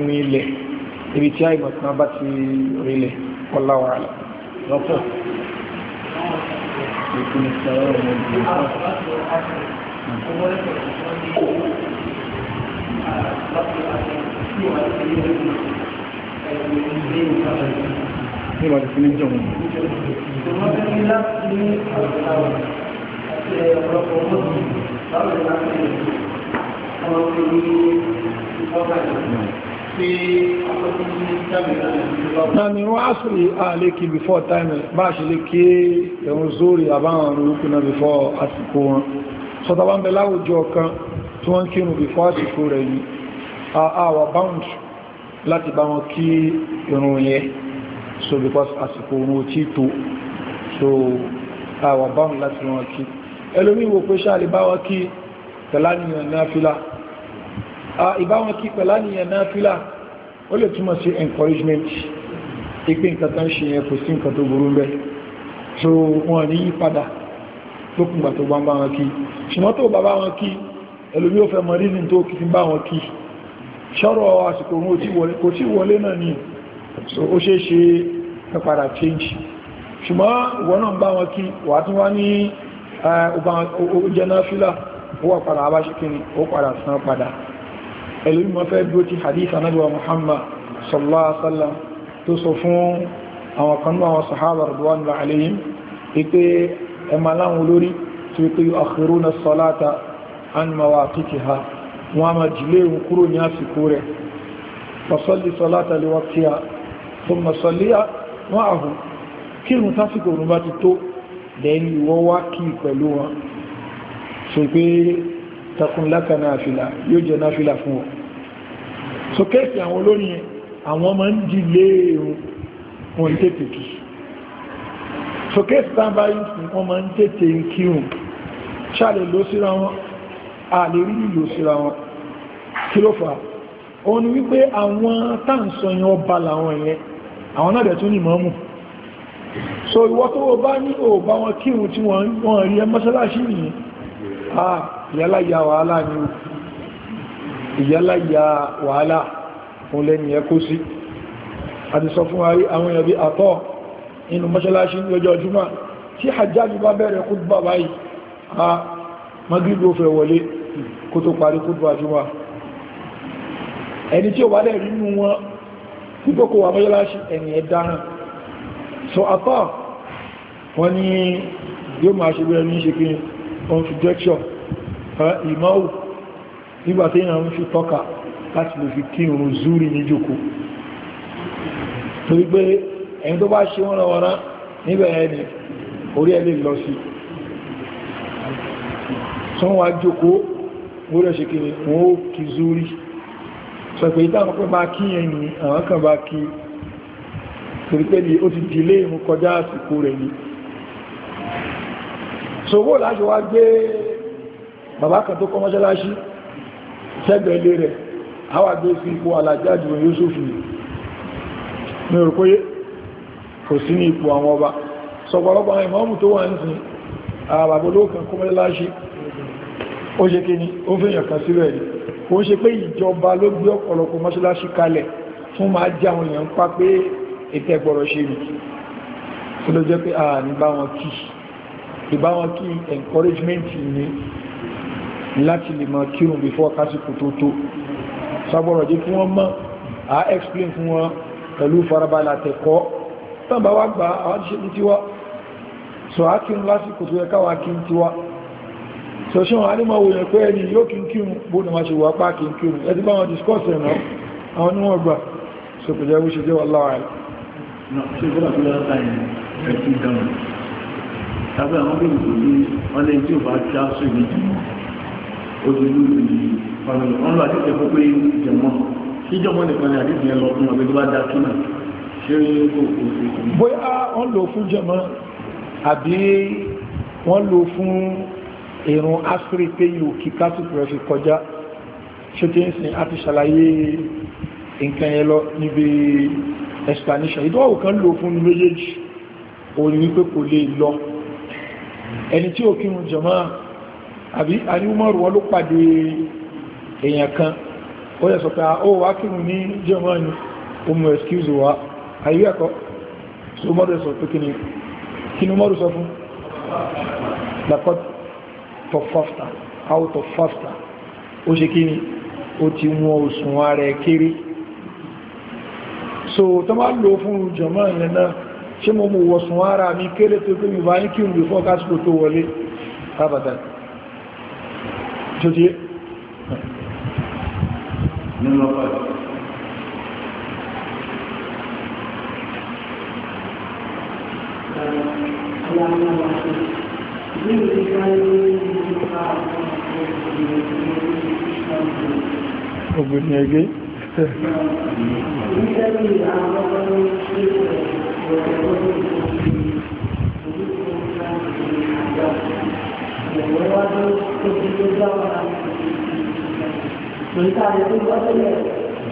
ní ìwà ìfìní jọmọ̀ Thank you. Nani wọ́n asìrì àlékì before time bá ṣe lè kí ẹ̀rùn zórí àbáwọn olùkú náà before àsìkò wọn. Sọ́ta bá ń bẹ láwùjọ kan tí wọ́n before àsìkò rẹ̀ yìí, àwà bound láti bá wọn kí ìrun yẹn. So because àsìkò wọn ò tí tó, so àwà bound láti wọn kí. Ẹlòmí wo pé ṣáà lè bá wọn kí tẹ̀lá nìyàn ìbáwọn kí pẹ̀lá nìyẹn náà fílà ó lè túnmọ̀ sí encouragement ìpín nǹkan tán ṣe yẹn kò sí nǹkan tó burú bẹ́ so wọ́n ní yí padà lókùngbà tó bá ń bá wọn kí ṣùgbọ́n tó bá bá wọn kí ẹlòmí ò fẹ́ mọ rí tó kì í bá wọn kí ṣọ́rọ̀ àsìkò òun kò tí wọlé náà ni so ó ṣe é ṣe pẹ́pàdà change ṣùgbọ́n ìwọ náà ń bá wọn kí wà tún wá ní ọjọ́ náà fílà ó wà padà abáṣekínì ó padà san padà ẹlòmí ma fẹ́ dúó ti hadith anábíwa muhammad sallallahu alaihi wasallam tó sọ fún àwọn kanú àwọn sahaba radwan wa alayhim ipe ẹmà láwọn olórí tí wípé yu'akhiruna salata an mawaqitiha wọn ma jìlé ìwọ̀n kúrò ní àsìkò rẹ̀ fasalli salata liwaqtiha thumma salliha ma'ahu kí ìrùn tásìkò òrùn bá ti tó dẹ̀ẹ́ni ìwọ́ wá kí pẹ̀lú wọn takun laka náà fìlà yóò jẹ náà fìlà fún wọn so kéèsì àwọn olórin yẹn àwọn ọmọ ń jí lé wọn tètè kí so kéèsì tán bá yìí fún wọn máa ń tètè ń kírun ṣàlè ló síra wọn àlè rí ìlò síra wọn kí ló fà ó ní wípé àwọn táǹsọ yẹn ọba làwọn yẹn àwọn náà dẹ̀ tún ní mọ́mù so ìwọ tó wọ bá ní ò bá wọn kírun tí wọ́n rí ẹ mọ́sálásí nìyẹn ah ìyálà ìyá wàhálà ni o ìyálàyà wàhálà fún lẹ́ni ẹkó sí àti sọ fún àwọn èèyàn bí àtọ́ inú mọ́ṣálásí lọ́jọ́ jùmọ́ tí hajjájú bá bẹ̀rẹ̀ kútbà báyìí a magribo fẹ́ wọlé kó tó parí kútbà jùmọ́ so àtọ́ wọ́n ni yóò máa ṣe bẹ́ẹ̀ ní ṣe ìmáwù nígbà tí èèyàn ń fi tọ́ka láti lè fi kí irun zúrí ní jòkó torí pé ẹni tó bá ṣe wọ́n rán wọ́n níbẹ̀ ẹni orí ẹ lè lọ sí sọ́wọ́n àjòkó wọ́n ṣe kí wọ́n ó kí zúrí sọ pé ìtàwọn pẹ́ bá kí ẹni àwọn kan bá kí torí pé ó ti dìlé ìmú kọjá àsìkò rẹ̀ ni sọ wọ́n láṣọ wá gbé bàbá kan tó kọ́ sẹ́gbẹ̀ẹ́lé rẹ̀ àwàgbé sí ipò alájájú Yúsúfù ní òrùkóyé kò sí ní ipò àwọn ọba sọ̀pọ̀lọpọ̀ àwọn ìmọ̀mù tó wà ń sin àbàbólókan kọmọláṣí ó ṣe kí ni ó fi yàn kan sílẹ̀ ni ó ṣe pé ìjọba ló gbé ọ̀pọ̀lọpọ̀ mọ́ṣáláṣí kalẹ̀ fún máa jẹ́ àwọn èèyàn pa pé ìtẹ́gbọ̀rọ̀ ṣe rí tó ló jẹ́ pé à ní bá wọn kí ìbá wọn kí encouragement ni láti lè máa kírun before kásìkò tó tó sábọ̀rọ̀ jẹ́ kí wọ́n mọ́ a explain fún wọn pẹ̀lú farabalẹ̀ àtẹ̀kọ́ tàbí wá gba àwọn ṣe ní tiwa so a kírun lásìkò tó yẹ káwà kí n tiwa so ṣe wọn alẹ́mọ̀ wo yẹn pé ẹni yóò kí n kírun bó ní wọ́n ṣe wà pá kí n kírun ẹ ti bá wọn discuss ẹ̀ náà àwọn ní wọ́n gbà so kò jẹ́ bó ṣe jẹ́ wà láwàá ẹ̀ tàbí àwọn bí i wọ́n lè tí ò bá já sí ìgbìyànjú ojúlú ìlú ọ̀nà ọ̀nà àdìsí ẹ̀kọ́ pé jẹ̀mọ́ síjọ́mọ́ nìkan ni àdìsí yẹn lọ fún ọ̀gbẹ́ tó bá dá túnà ṣé kò kò sí. bóyá wọ́n lò fún jẹ̀mọ́ àbí wọ́n lò fún ìrun asiri pé yóò kí kásìkò rẹ̀ fi kọjá ṣé tí ń sìn àti ṣàlàyé nǹkan yẹn lọ níbi explanation ìdánwò kan lò fún méjèèjì òní wípé kò lè lọ ẹni tí ò kírun jẹ̀mọ́ àbí àní umaru wọn ló pàdé èèyàn kan ó yẹ sọ ah, ó wá kírun ní germany ó excuse wa ayé ẹ̀kọ́ so umaru sọ pé kí ni kí ni umaru sọ fún lakot tọfafta out of fafta ó ṣe kí ni ó ti mú òsùn ààrẹ kéré so tó máa lò fún germany náà ṣe mo mú wọ̀sùn ara mi kéré tó gbé mi bá ní kírun bí fọ́kásìkò tó wọlé abadani tó tí Obìnrin ẹgbẹ́. Thank you ìyàwó wá ní tó ti tó dá wọn náà. Lòlítà rẹ̀ tó gbọ́ sílẹ̀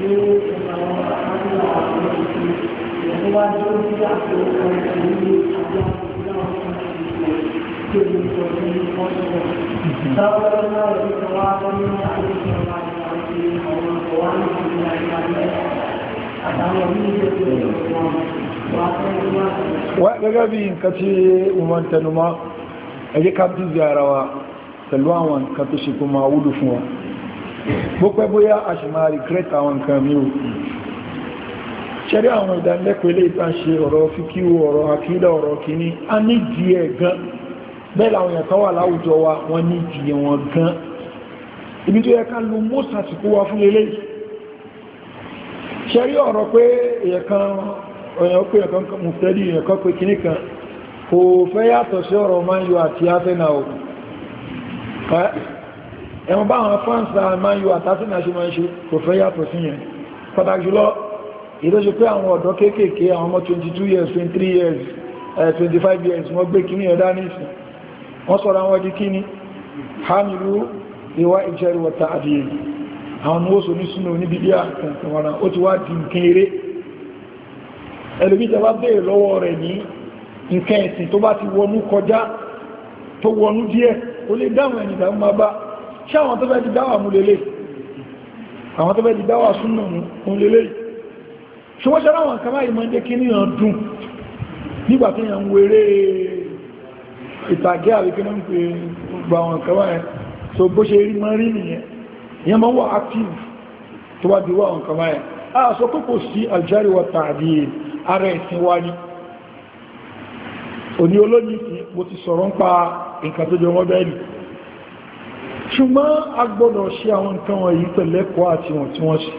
ní ìgbàwọ̀ àkàtúntà àwọn ìṣe ìyàwó wá ní tó ti àpò ọ̀rọ̀ ìlú àti àkùnrin náà fún ìṣe tó ti sọ sí ọ̀ṣọ́. Sáwọn ọ̀rọ̀ náà rẹ̀ ti sọ wá ní àdéhùn ọ̀la àti àwọn ọ̀wá ní ìṣe àgbàlẹ̀ àtàwọn oníṣẹ́ tó ti sọ wọn. Gẹ́gẹ́ bí nǹkan tí mo máa ń tẹnu mọ́, ẹjẹ́ ká bí ara wa pẹ̀lú àwọn nǹkan tó ṣe kó máa wúlò fún wa bó pẹ́ bóyá a ṣe máa regret àwọn nǹkan mi ò ṣẹ́rí àwọn ìdánilẹ́kọ̀ọ́ ilé ìta ṣe ọ̀rọ̀ fíkíwò ọ̀rọ̀ àkídà ọ̀rọ̀ kìíní a ní ìdí ẹ̀ gan bẹ́ẹ̀ làwọn èèyàn wà láwùjọ wa wọ́n ní ìdí wọn gan ibi tó yẹ ká lu mọ́sà ti kó wa fún lélẹ́ ṣẹ́rí ọ̀rọ̀ pé èèyàn kan mùfẹ́lì èèyàn pé kìíní kan kò fẹ́ yàtọ̀ sí ọ̀rọ̀ man àti arsenal o ẹ̀wọ̀n bá àwọn fáǹsà man àti arsenal ṣe máa ń ṣe kò fẹ́ yàtọ̀ sí yẹn pàtàkì jùlọ pé àwọn ọ̀dọ́ àwọn ọmọ 22 years 23 years 25 years wọ́n gbé kíní ẹ̀dá nísìn wọ́n àwọn ọdí kíní hamilu ìwà ìjẹ́rì àdìyẹ àwọn oṣù ní ó ti wá di nǹkan nǹkan ẹ̀sìn tó bá ti wọnú kọjá tó wọnú díẹ̀ ó lè dáhùn ẹni ìdàmú ma bá ṣe àwọn tó fẹ́ di dáwà mú lélẹ̀ àwọn tó fẹ́ di dáwà súnà mú lélẹ̀ ṣe wọ́n ṣẹ́rá àwọn kàmá ìmọ̀ndé kí ní dùn nígbà tí yàn wèrè ìtàgé àríkẹ́ ń pè gbà àwọn kàmá so bó ṣe rí mọ́ rí nìyẹn ìyẹn máa wà a sọ pé kò sí àjárìwà tààdì òní olóyìn tí mo ti sọ̀rọ̀ ń pa nǹkan tó jẹ wọ́n bẹ́ẹ̀lì ṣùgbọ́n a gbọ́dọ̀ ṣe àwọn nǹkan wọ̀nyí pẹ̀lẹ́kọ́ àti wọ̀n tí wọ́n ṣe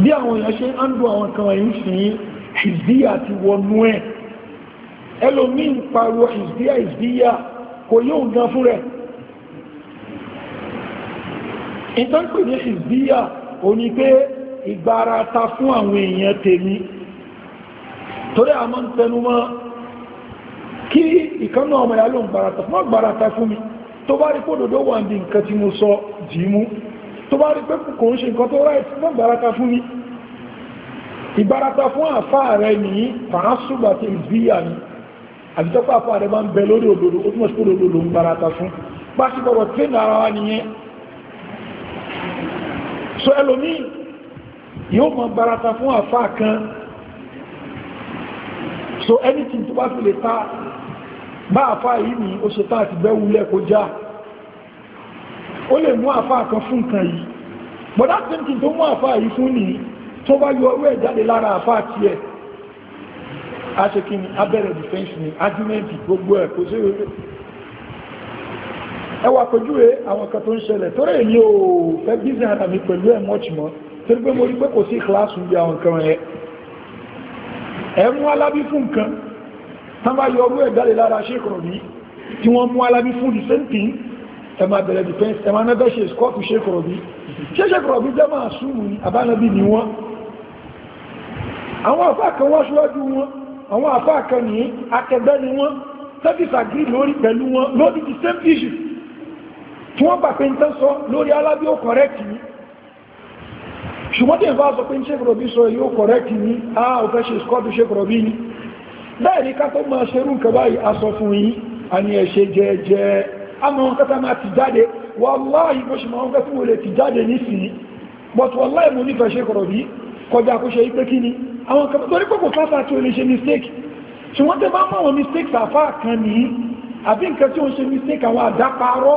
bí àwọn èèyàn ṣe ń dùn àwọn nǹkan wọ̀nyí sí ìzíyà ti wọnú ẹ̀ ẹlòmí ń pariwo ìzíyà ìzíyà kò yóò gan fún rẹ̀ ìtàn pè ní ìzíyà òní pé ìgbára ta fún àwọn èèyàn tèmi torí a mọ́ ń tẹnu mọ́ kí ìkánná ọmọ ya ló ń gbarata mọ́ gbarata fún mi tó bá rí kódòdó wà ní nǹkan tí mo sọ dìímú tó bá rí pé kò ń ṣe nǹkan tó ráì mọ́ gbarata fún mi ìgbarata fún àfáà rẹ nìyí fàásùgbà tí ìbíyà ni àbítọ́pọ̀ àfáà rẹ bá ń bẹ lórí òdòdó ó túnmọ̀ sí kódòdó ló ń so ẹlòmíì yóò mọ gbarata fún àfáà so anything to bá fi lè ta bá àfá yìí ni ó ṣe tá àti bẹ́wulẹ̀ kó já ó lè mú àfá kan fún nǹkan yìí but that same thing tó mú àfá yìí fún ni tó bá yọ owó ẹ̀ jáde lára àfá àti ẹ̀ aṣekíni abẹ́rẹ̀ defense ni argument gbogbo ẹ̀ kò sí rere ẹwà pẹ̀júwe àwọn kan tó ń ṣẹlẹ̀ tó rẹ̀ yóò business ara mi pelu ẹ̀ mọ́ọ̀tì mọ́ torí pé mo rí pé kò sí class ń bí kan rẹ̀ ẹ̀mú alábí fún nǹkan tán bá yọ orú ẹ̀dálẹ̀ lára ṣe kọ̀rọ̀ ní tí wọ́n mú alábí fún the same thing ẹ̀mà bẹ̀rẹ̀ defense ẹ̀mà náà bẹ́ skọ́ọ̀tù ṣe kọ̀rọ̀ bí ṣe ṣe kọ̀rọ̀ bí jẹ́mà súnmù ní àbánábí ni wọ́n àwọn àfáà kan wọ́n ṣíwájú wọn àwọn àfáà kan ní akẹgbẹ́ ni wọ́n tẹ́bìsàgírí lórí pẹ̀lú wọn lórí the same issue tí wọ́n bà pé ń tán sọ lórí alábí ó correct ni ṣùgbọ́n tí ìbá sọ pé ń ṣèkọ̀rọ̀ bí sọ yóò kọ̀rẹ́kì ní ààfẹ́ ṣe skọ́tù ṣèkọ̀rọ̀ bí ní bẹ́ẹ̀ ká tó máa ṣerú nǹkan báyìí aṣọ fún yí a ní ẹ̀ṣẹ́ jẹ́ẹ̀jẹ́ àmọ́ nǹkan tá máa ti jáde wàláhì bó ṣe máa ń kẹ́sí mo lè ti jáde nísìnyí but wàláhì mo nífẹ̀ẹ́ ṣèkọ̀rọ̀ bí kọjá kó ṣe ipé kíni àwọn kan torí pé kò sáfà tí ó lè ṣe mistake ṣùgbọ́n tẹ bá mọ̀ wọn mistake àfá kan ní àbí nǹkan tí ó ń ṣe mistake àwọn àdáparọ́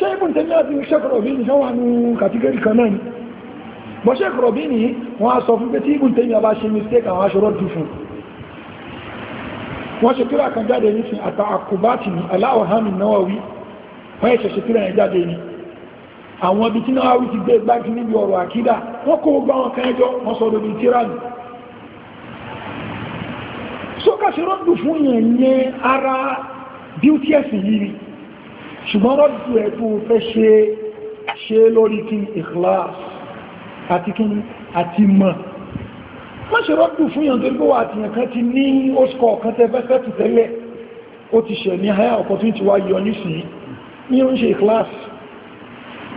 ṣe ibùn tẹ́lẹ̀ àti ṣẹ́kọ̀rọ̀ bí ní ṣọ́wà ní kàtígẹ́rì kan náà bọ́ ṣẹ́kọ̀rọ̀ bí ní wọ́n a sọ fún pé tí ibùn tẹ́lẹ̀ bá ṣe mistake àwọn aṣọ́rọ̀ dì fún wọ́n ṣe tíra kan jáde ní àta àkùbátì ní aláwọ̀hámi náwàwí wọ́n ṣe ṣe tíra yẹn jáde ní àwọn ibi tí náwàwí ti gbé gbájú níbi ọ̀rọ̀ àkídà wọ́n kó gbá wọn kan ẹjọ́ wọ́n sọ lórí tíra nì sókà ṣe rọ́dù fún yẹn yẹn ara bí ó tí ẹ̀sìn yìí ṣùgbọ́n rọ́dù ẹ̀tù fẹ́ ṣe ṣe lórí kí ikhlas àti kí àti mọ̀ má ṣe rọ́dù fún yàn tó gbó wà àti yàn kan ti ní ó ṣkọ̀ kan tẹ́ fẹ́ tẹ́tù tẹ́lẹ̀ ó ti ṣẹ̀ ní higher opportunity wá yọ nísìnyí ní ó ń ṣe ikhlas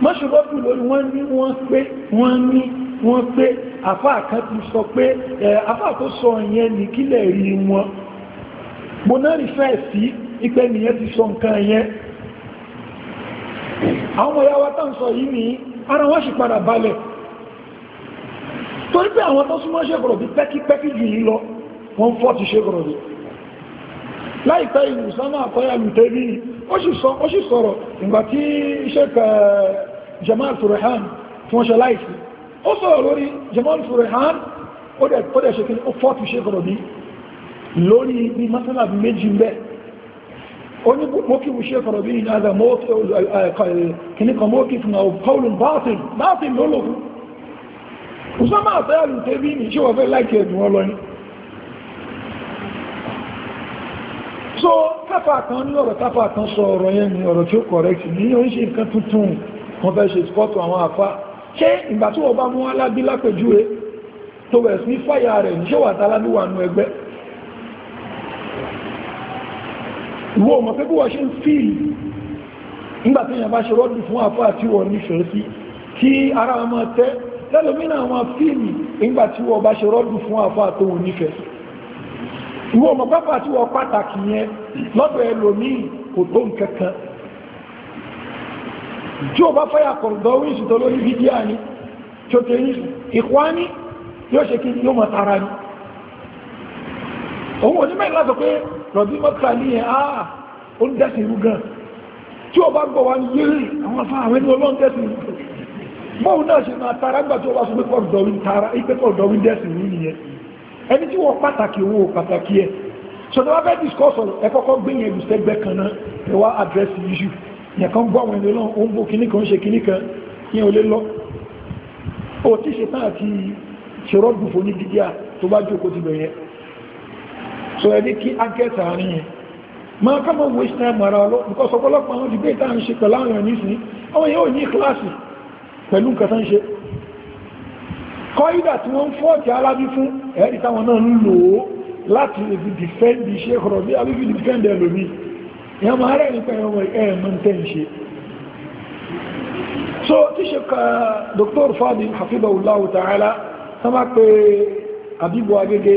má ṣe rọ́dù lórí wọ́n ní wọ́n pé wọ́n ní wọ́n pé àfáà kan ti sọ pé àfáà tó sọ ìyẹn ní kílẹ̀ rí wọn mo náà rí fẹ́ sí ipẹ́ nìyẹn ti àwọn ọmọ ìyá wa tán sọ yìí ní ara wọ́n sì padà balẹ̀ torí pé àwọn tó súnmọ́ ṣẹ́gọ̀rọ̀ bí pẹ́kípẹ́kí jù yìí lọ wọ́n fọ́ ti ṣẹ́gọ̀rọ̀ bí láìpẹ́ ìlú sánà àkọ́yà lùtẹ́bí ó sì sọ̀rọ̀ ìgbà tí ṣẹ́kà eh, Jamal Surehan tí wọ́n ṣe lori Jamal Surehan ó dẹ̀ ṣe kí ó fọ́ ti ṣẹ́gọ̀rọ̀ bí oni موقف الشيخ ربيعي هذا موقف كنيقة موقف أو قول باطل باطل لولوك وسمع سيال تبيني شو أفعل لايك يدو والله so kápá kan ní ọ̀rọ̀ kápá kan sọ ọ̀rọ̀ yẹn ni ọ̀rọ̀ tí ó correct ní yíò ń ṣe nǹkan tuntun wọ́n fẹ́ ṣe spọ́tù àwọn àfá ṣé ìgbà tí wọ́n bá mú alábí lápẹjúwe tó wẹ̀ sí fáyà rẹ̀ ní ṣé wà tálábí wà nú ẹgbẹ́ wọ́n mọ̀ pé bí wọ́n ṣe ń fíìlì nígbàtí èèyàn bá ṣe rọ́dù fún àfáà tí wọ́n nífẹ̀ẹ́ sí kí ara wọn máa tẹ́ lẹ́lòmínà àwọn fíìlì nígbàtí wọ́n bá ṣe rọ́dù fún àfáà tó wọ́n nífẹ̀ẹ́ sí wọ́n mọ̀ pápá tí wọ́n pàtàkì yẹn lọ́dọ̀ ẹlòmíì kò tó nǹkan kan tí ó bá rọ̀bí mọ́kà ní ẹ̀ àà ó ń dẹ́sìn irú gan tí ó bá gbọ́ wá ní yéèrè àwọn afá àwọn ẹni ọlọ́run dẹ́sìn irú náà ṣe máa tara gbà tí ó bá sọ pé kọ̀ọ̀dọ̀wìn tara ipe kọ̀ọ̀dọ̀wìn dẹ́sìn irú nìyẹn ẹni tí wọ́n pàtàkì owó pàtàkì ẹ̀ sọ̀tọ̀ wá fẹ́ discuss ọ̀rọ̀ ẹ kọ́kọ́ gbé yẹn ìlúsẹ́gbẹ́ kan náà ẹ wá address issue yẹn kan gbọ́ àwọn ẹni ọlọ́run ó ń bó kinní kan ṣe kinní kan yẹn ò lè lọ ó ti ṣe tán àti ṣe so ẹni kí ankẹ́tà àárín yẹn máa kọ́mọ̀ waste time ara because ọ̀pọ̀lọpọ̀ àwọn debate tá à ń ṣe pẹ̀lú àwọn èèyàn nísìnyí àwọn èèyàn ò ní kíláàsì pẹ̀lú nǹkan tó ń ṣe kọ́ídà tí wọ́n ń fọ́ọ̀tì alábí fún ẹ̀rí táwọn náà ń lò ó láti ibi dìfẹ́ndì iṣẹ́ ọ̀rọ̀ bí abíbi dìfẹ́ndì ẹlòmí ìyàn máa rẹ̀ nípa ẹ̀rọ ẹ̀mọ́ tẹ́ ń ṣe so tí ṣe ka Dr. Fadil hafidahullahu ta'ala tó má pé àbíbọ̀ agége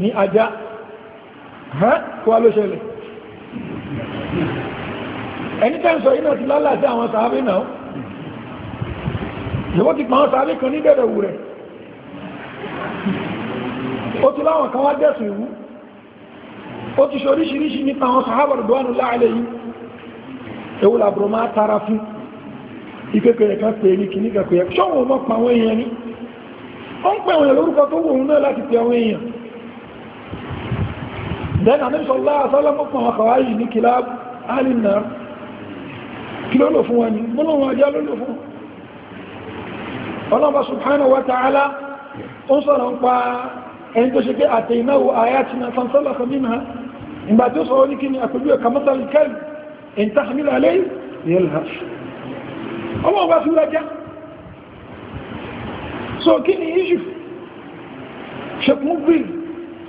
ní ajá wà ló ṣẹlẹ̀ ẹni tẹ́ ń sọ iná ti lálàá sí àwọn sàábé náà ìwọ́n ti pa àwọn sàábé kan ní bẹ̀rẹ̀ wù rẹ̀ ó ti láwọn kan wá dẹ̀sùn ìwú ó ti ṣe oríṣiríṣi nípa àwọn sàábà rọ̀dọ́wọ́nù láàrẹ̀ yìí ewu làbùrọ̀ máa tara fún ìpẹ́pẹ̀rẹ̀ kan pè ní kìníkà pé ṣọ́wọ́n mọ́ pa àwọn èèyàn ní ó ń pẹ̀wọ̀n lórúkọ tó wù ú náà láti pẹ̀ àwọn èèyàn then Ànábì sallallahu alaihi wasallam fún àwọn kàwáyì ní kìlá alìnà kí ló lò fún wọn ni múlùmọ̀ ajá ló lò fún ọlọ́mà subhanahu wa ta'ala ó ń sọ̀rọ̀ ń pa ẹni tó ṣe pé àtẹ̀yìnáwó ayatina fansalakha minha ìgbà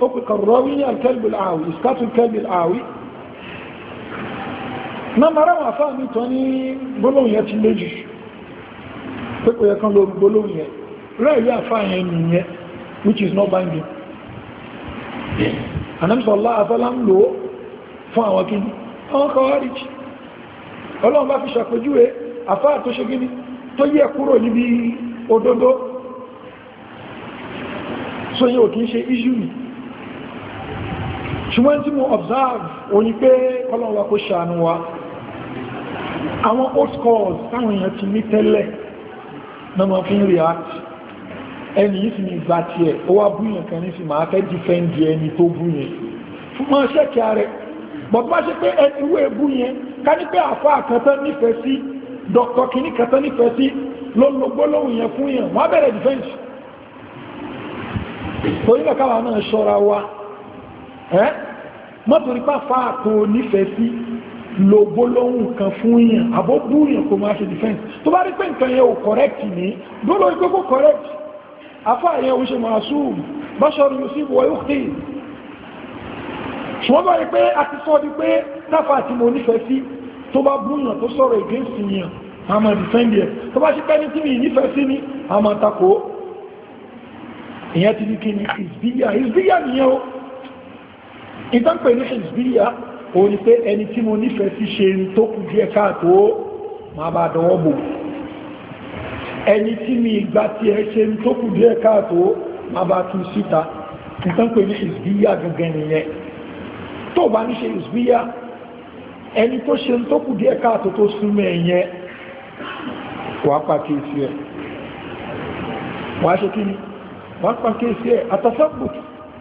أطلق الراوي الكلب العاوي إسقاط الكلب العاوي náà ráwà fáà ní tán ní gbólóhùn yẹn ti méjì pé kò yẹ kan lórí gbólóhùn yẹn rẹ̀lú àfáà yẹn nìyẹn which is not binding anamsọ́lá àtọ́lá ń lò ó fún àwọn kíni àwọn kọwárí jì ọlọ́run bá fi ṣàpèjúwe àfáà tó ṣe kíni tó yẹ kúrò níbi òdodo so yẹ ò kí ń ṣe issue ṣùgbọ́n tí mo observe oní pé kọ́lọ̀wà kó ṣàánú wa àwọn old scores táwọn èèyàn ti ní tẹ́lẹ̀ náà ma fi ń react ẹni yìí sì ní ìgbà tí ẹ̀ ó wá búyàn kan ní sí máa fẹ́ defend ẹni tó búyàn fún máa ṣẹ́kẹ̀ ààrẹ bọ̀ bá ṣe pé ẹni wé búyàn ká ní pé àfá àkàntán nífẹ̀ẹ́ sí dr kìíní kàntán nífẹ̀ẹ́ sí lọ́lọ́gbọ́ lóhùn yẹn fún yẹn wọ́n bẹ̀rẹ̀ defense torí lọ́kàwà náà ṣọ́ra wa ẹ́ mọ́tòrí pàfà àtò onífẹ̀ẹ́ sí lo gbólóhùn kan fún yàn àbó búrùyàn kò máa ṣe defense tó bá rí pé nǹkan yẹn ò correct ní gbólóhùn pé kò correct afá yẹn ò ṣe máa sùn báṣọ́rù yóò sí wọ́ yóò tèè ṣùgbọ́n bá rí pé a ti sọ di pé táfà àti mo nífẹ̀ẹ́ sí tó bá búrùyàn tó sọ̀rọ̀ against yàn a máa defend yẹn tó bá ṣe pé ní tí mi nífẹ̀ẹ́ sí ni a máa takò ìyẹn ti di kí ni ìsbíyà ìsbíyà nìyẹn o ìtànpẹ̀ ní ṣèjìbíyà o ní pé ẹni tí mo nífẹ̀ẹ́ sí ṣe ń tó kù díẹ̀ káàtó ma bá dọwọ́ bò ẹni tí mi ìgbà tí ẹ ṣe ń tó kù díẹ̀ káàtó ma bá tún síta ìtànpẹ̀ ní ṣèjìbíyà gangan nìyẹn tó bá ní ṣe ẹni tó ṣe ń tó kù díẹ̀ káàtó tó súnmọ́ ẹ̀yẹn wàá pàkíyèsí ẹ̀ wàá ṣe kí ni wàá pàkíyèsí ẹ̀ àtàfẹ́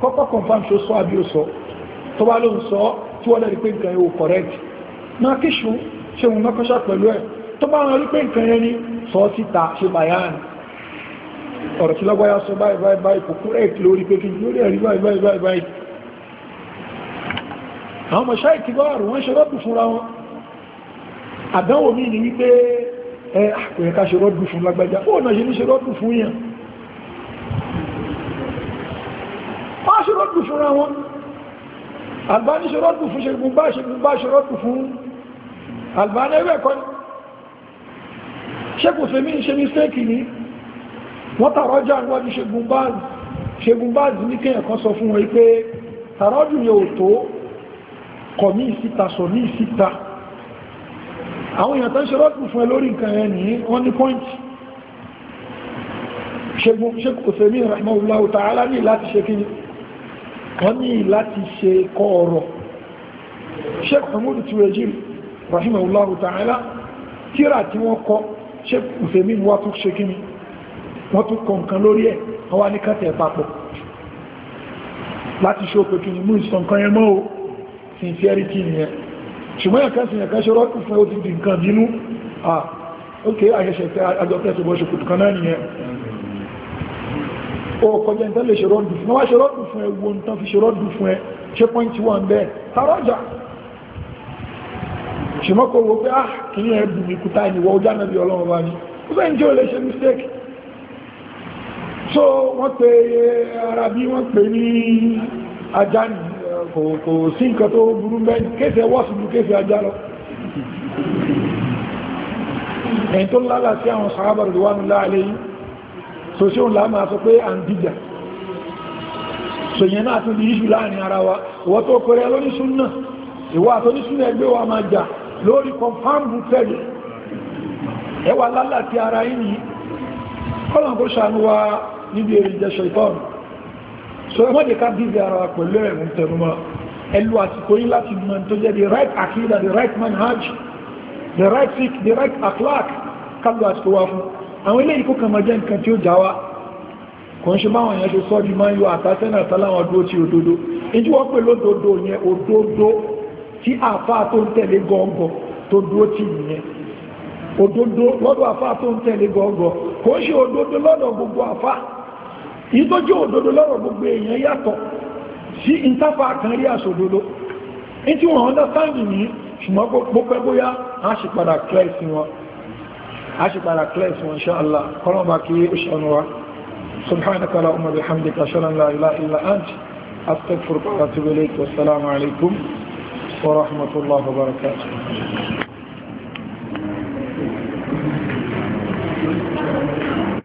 kọ́kọ́ confam ṣe sọ àbí ó sọ tó bá ló ń sọ tí wọ́n lẹ́rí pé nǹkan yóò correct máa kíṣù ṣe mú mẹ́kọ́ṣà pẹ̀lú ẹ̀ tó bá wọn rí pé nǹkan yẹn ni sọ síta ṣe bayan ọ̀rọ̀ tí lọ́gbáyá sọ báyìí báyìí báyìí kò correct lórí pé kí lórí ẹ̀rí báyìí báyìí báyìí báyìí àwọn ọmọ fún wọn albani ṣe rọ́dù fún ṣegun bá ṣegun bá ṣe rọ́dù fún albani ẹgbẹ́ ẹ̀kọ́ ni ṣekùn fèmí ṣe mistake ní wọ́n tàrọ́jà níwájú ṣegun bá ṣegun bá ní kíyàn kan sọ fún wọn pé tàrọ́jù yóò tó kọ̀ ní ìsíta sọ ní ìsíta àwọn èèyàn tán ṣe rọ́dù fún ẹ lórí nǹkan ẹ̀ ní wọ́n ní láti ṣe kọ́ ọ̀rọ̀ sheikh mahmoud turejim rahimahullahu ta'ala kíra tí wọ́n kọ́ sheikh usemin wá tún ṣe kíni wọ́n tún kọ nǹkan lórí ẹ̀ wọ́n wá ní kẹtẹ̀ papọ̀ láti ṣe òpè kí ni mú ìsọ nǹkan yẹn mọ́ o sincerity nìyẹn ṣùgbọ́n ẹ̀kan sí ẹ̀kan ṣe rọ́pù fún ó ti di nǹkan bínú ah ok àṣẹṣẹ̀ àjọ tẹ́sùbọ̀ ṣe kùtù náà nìyẹn ó kọjá ní tẹ́lẹ̀ ṣe rọ́dù fún ẹ wá ṣe rọ́dù fún ẹ wo nǹkan fi ṣe rọ́dù fún ẹ ṣe pọ́ǹtì wọn bẹ́ẹ̀ tarọ́jà ṣùgbọ́n wo pé ah kì ní ẹ̀bù mi kúta ìwọ̀ ojú ànàbí ọlọ́run wá mistake so wọ́n pe pe ní ajá ní kò sí nǹkan tó burú mẹ́rin kéfẹ́ wọ́sù ju kéfẹ́ ajá lọ ẹ̀yìn lálàá sí àwọn sàábàrù wà ní so ṣe òun láàmà sọ pé à ń dìjà so yẹn náà tún di iṣu láàrin ara wa ìwọ́ tó kọrẹ lóníṣúnà ìwọ́ àtọ́níṣúnà ẹgbẹ́ wa máa jà lórí kọfàmbù tẹ́lẹ̀ ẹwà lálàtí ara yìí kọ́lọ̀ kó ṣàánú wa níbi èrè ìjẹsọ ìtọ́nù so ẹ mọ́dé ká bíbi ara wa pẹ̀lú ẹ̀rùn tẹnumọ́ ẹlú àsìkò yìí láti mọ̀ tó jẹ́ the right akida the right manhaj the right fiqh the right akhlaq kálù àsìkò wa fún àwọn ilé ìkó kan máa jẹ́ nǹkan tí ó já wá kò ń ṣe báwọn èèyàn ṣe sọ́ di máa ń yọ àtàtẹ́nà àtàláwọn dúró ti òdodo ìjú wọ́n pè lódodo yẹn òdodo tí àfáà tó ń tẹ̀lé gọ́ọ̀gọ́ tó dúró ti nìyẹn òdodo lọ́dọ̀ àfáà tó ń tẹ̀lé gọ́ọ̀gọ́ kò ń ṣe òdodo lọ́dọ̀ gbogbo àfáà yìí tó jẹ́ òdodo tí wọ́n aṣùpàdà clear fún insha Allah kọ́lọ́mbà kí ó ṣàánú wa subhanaka allahumma bihamdika ashhadu an la ilaha illa ant astaghfiruka wa atubu ilayk wa assalamu alaikum wa rahmatullahi wa barakatuh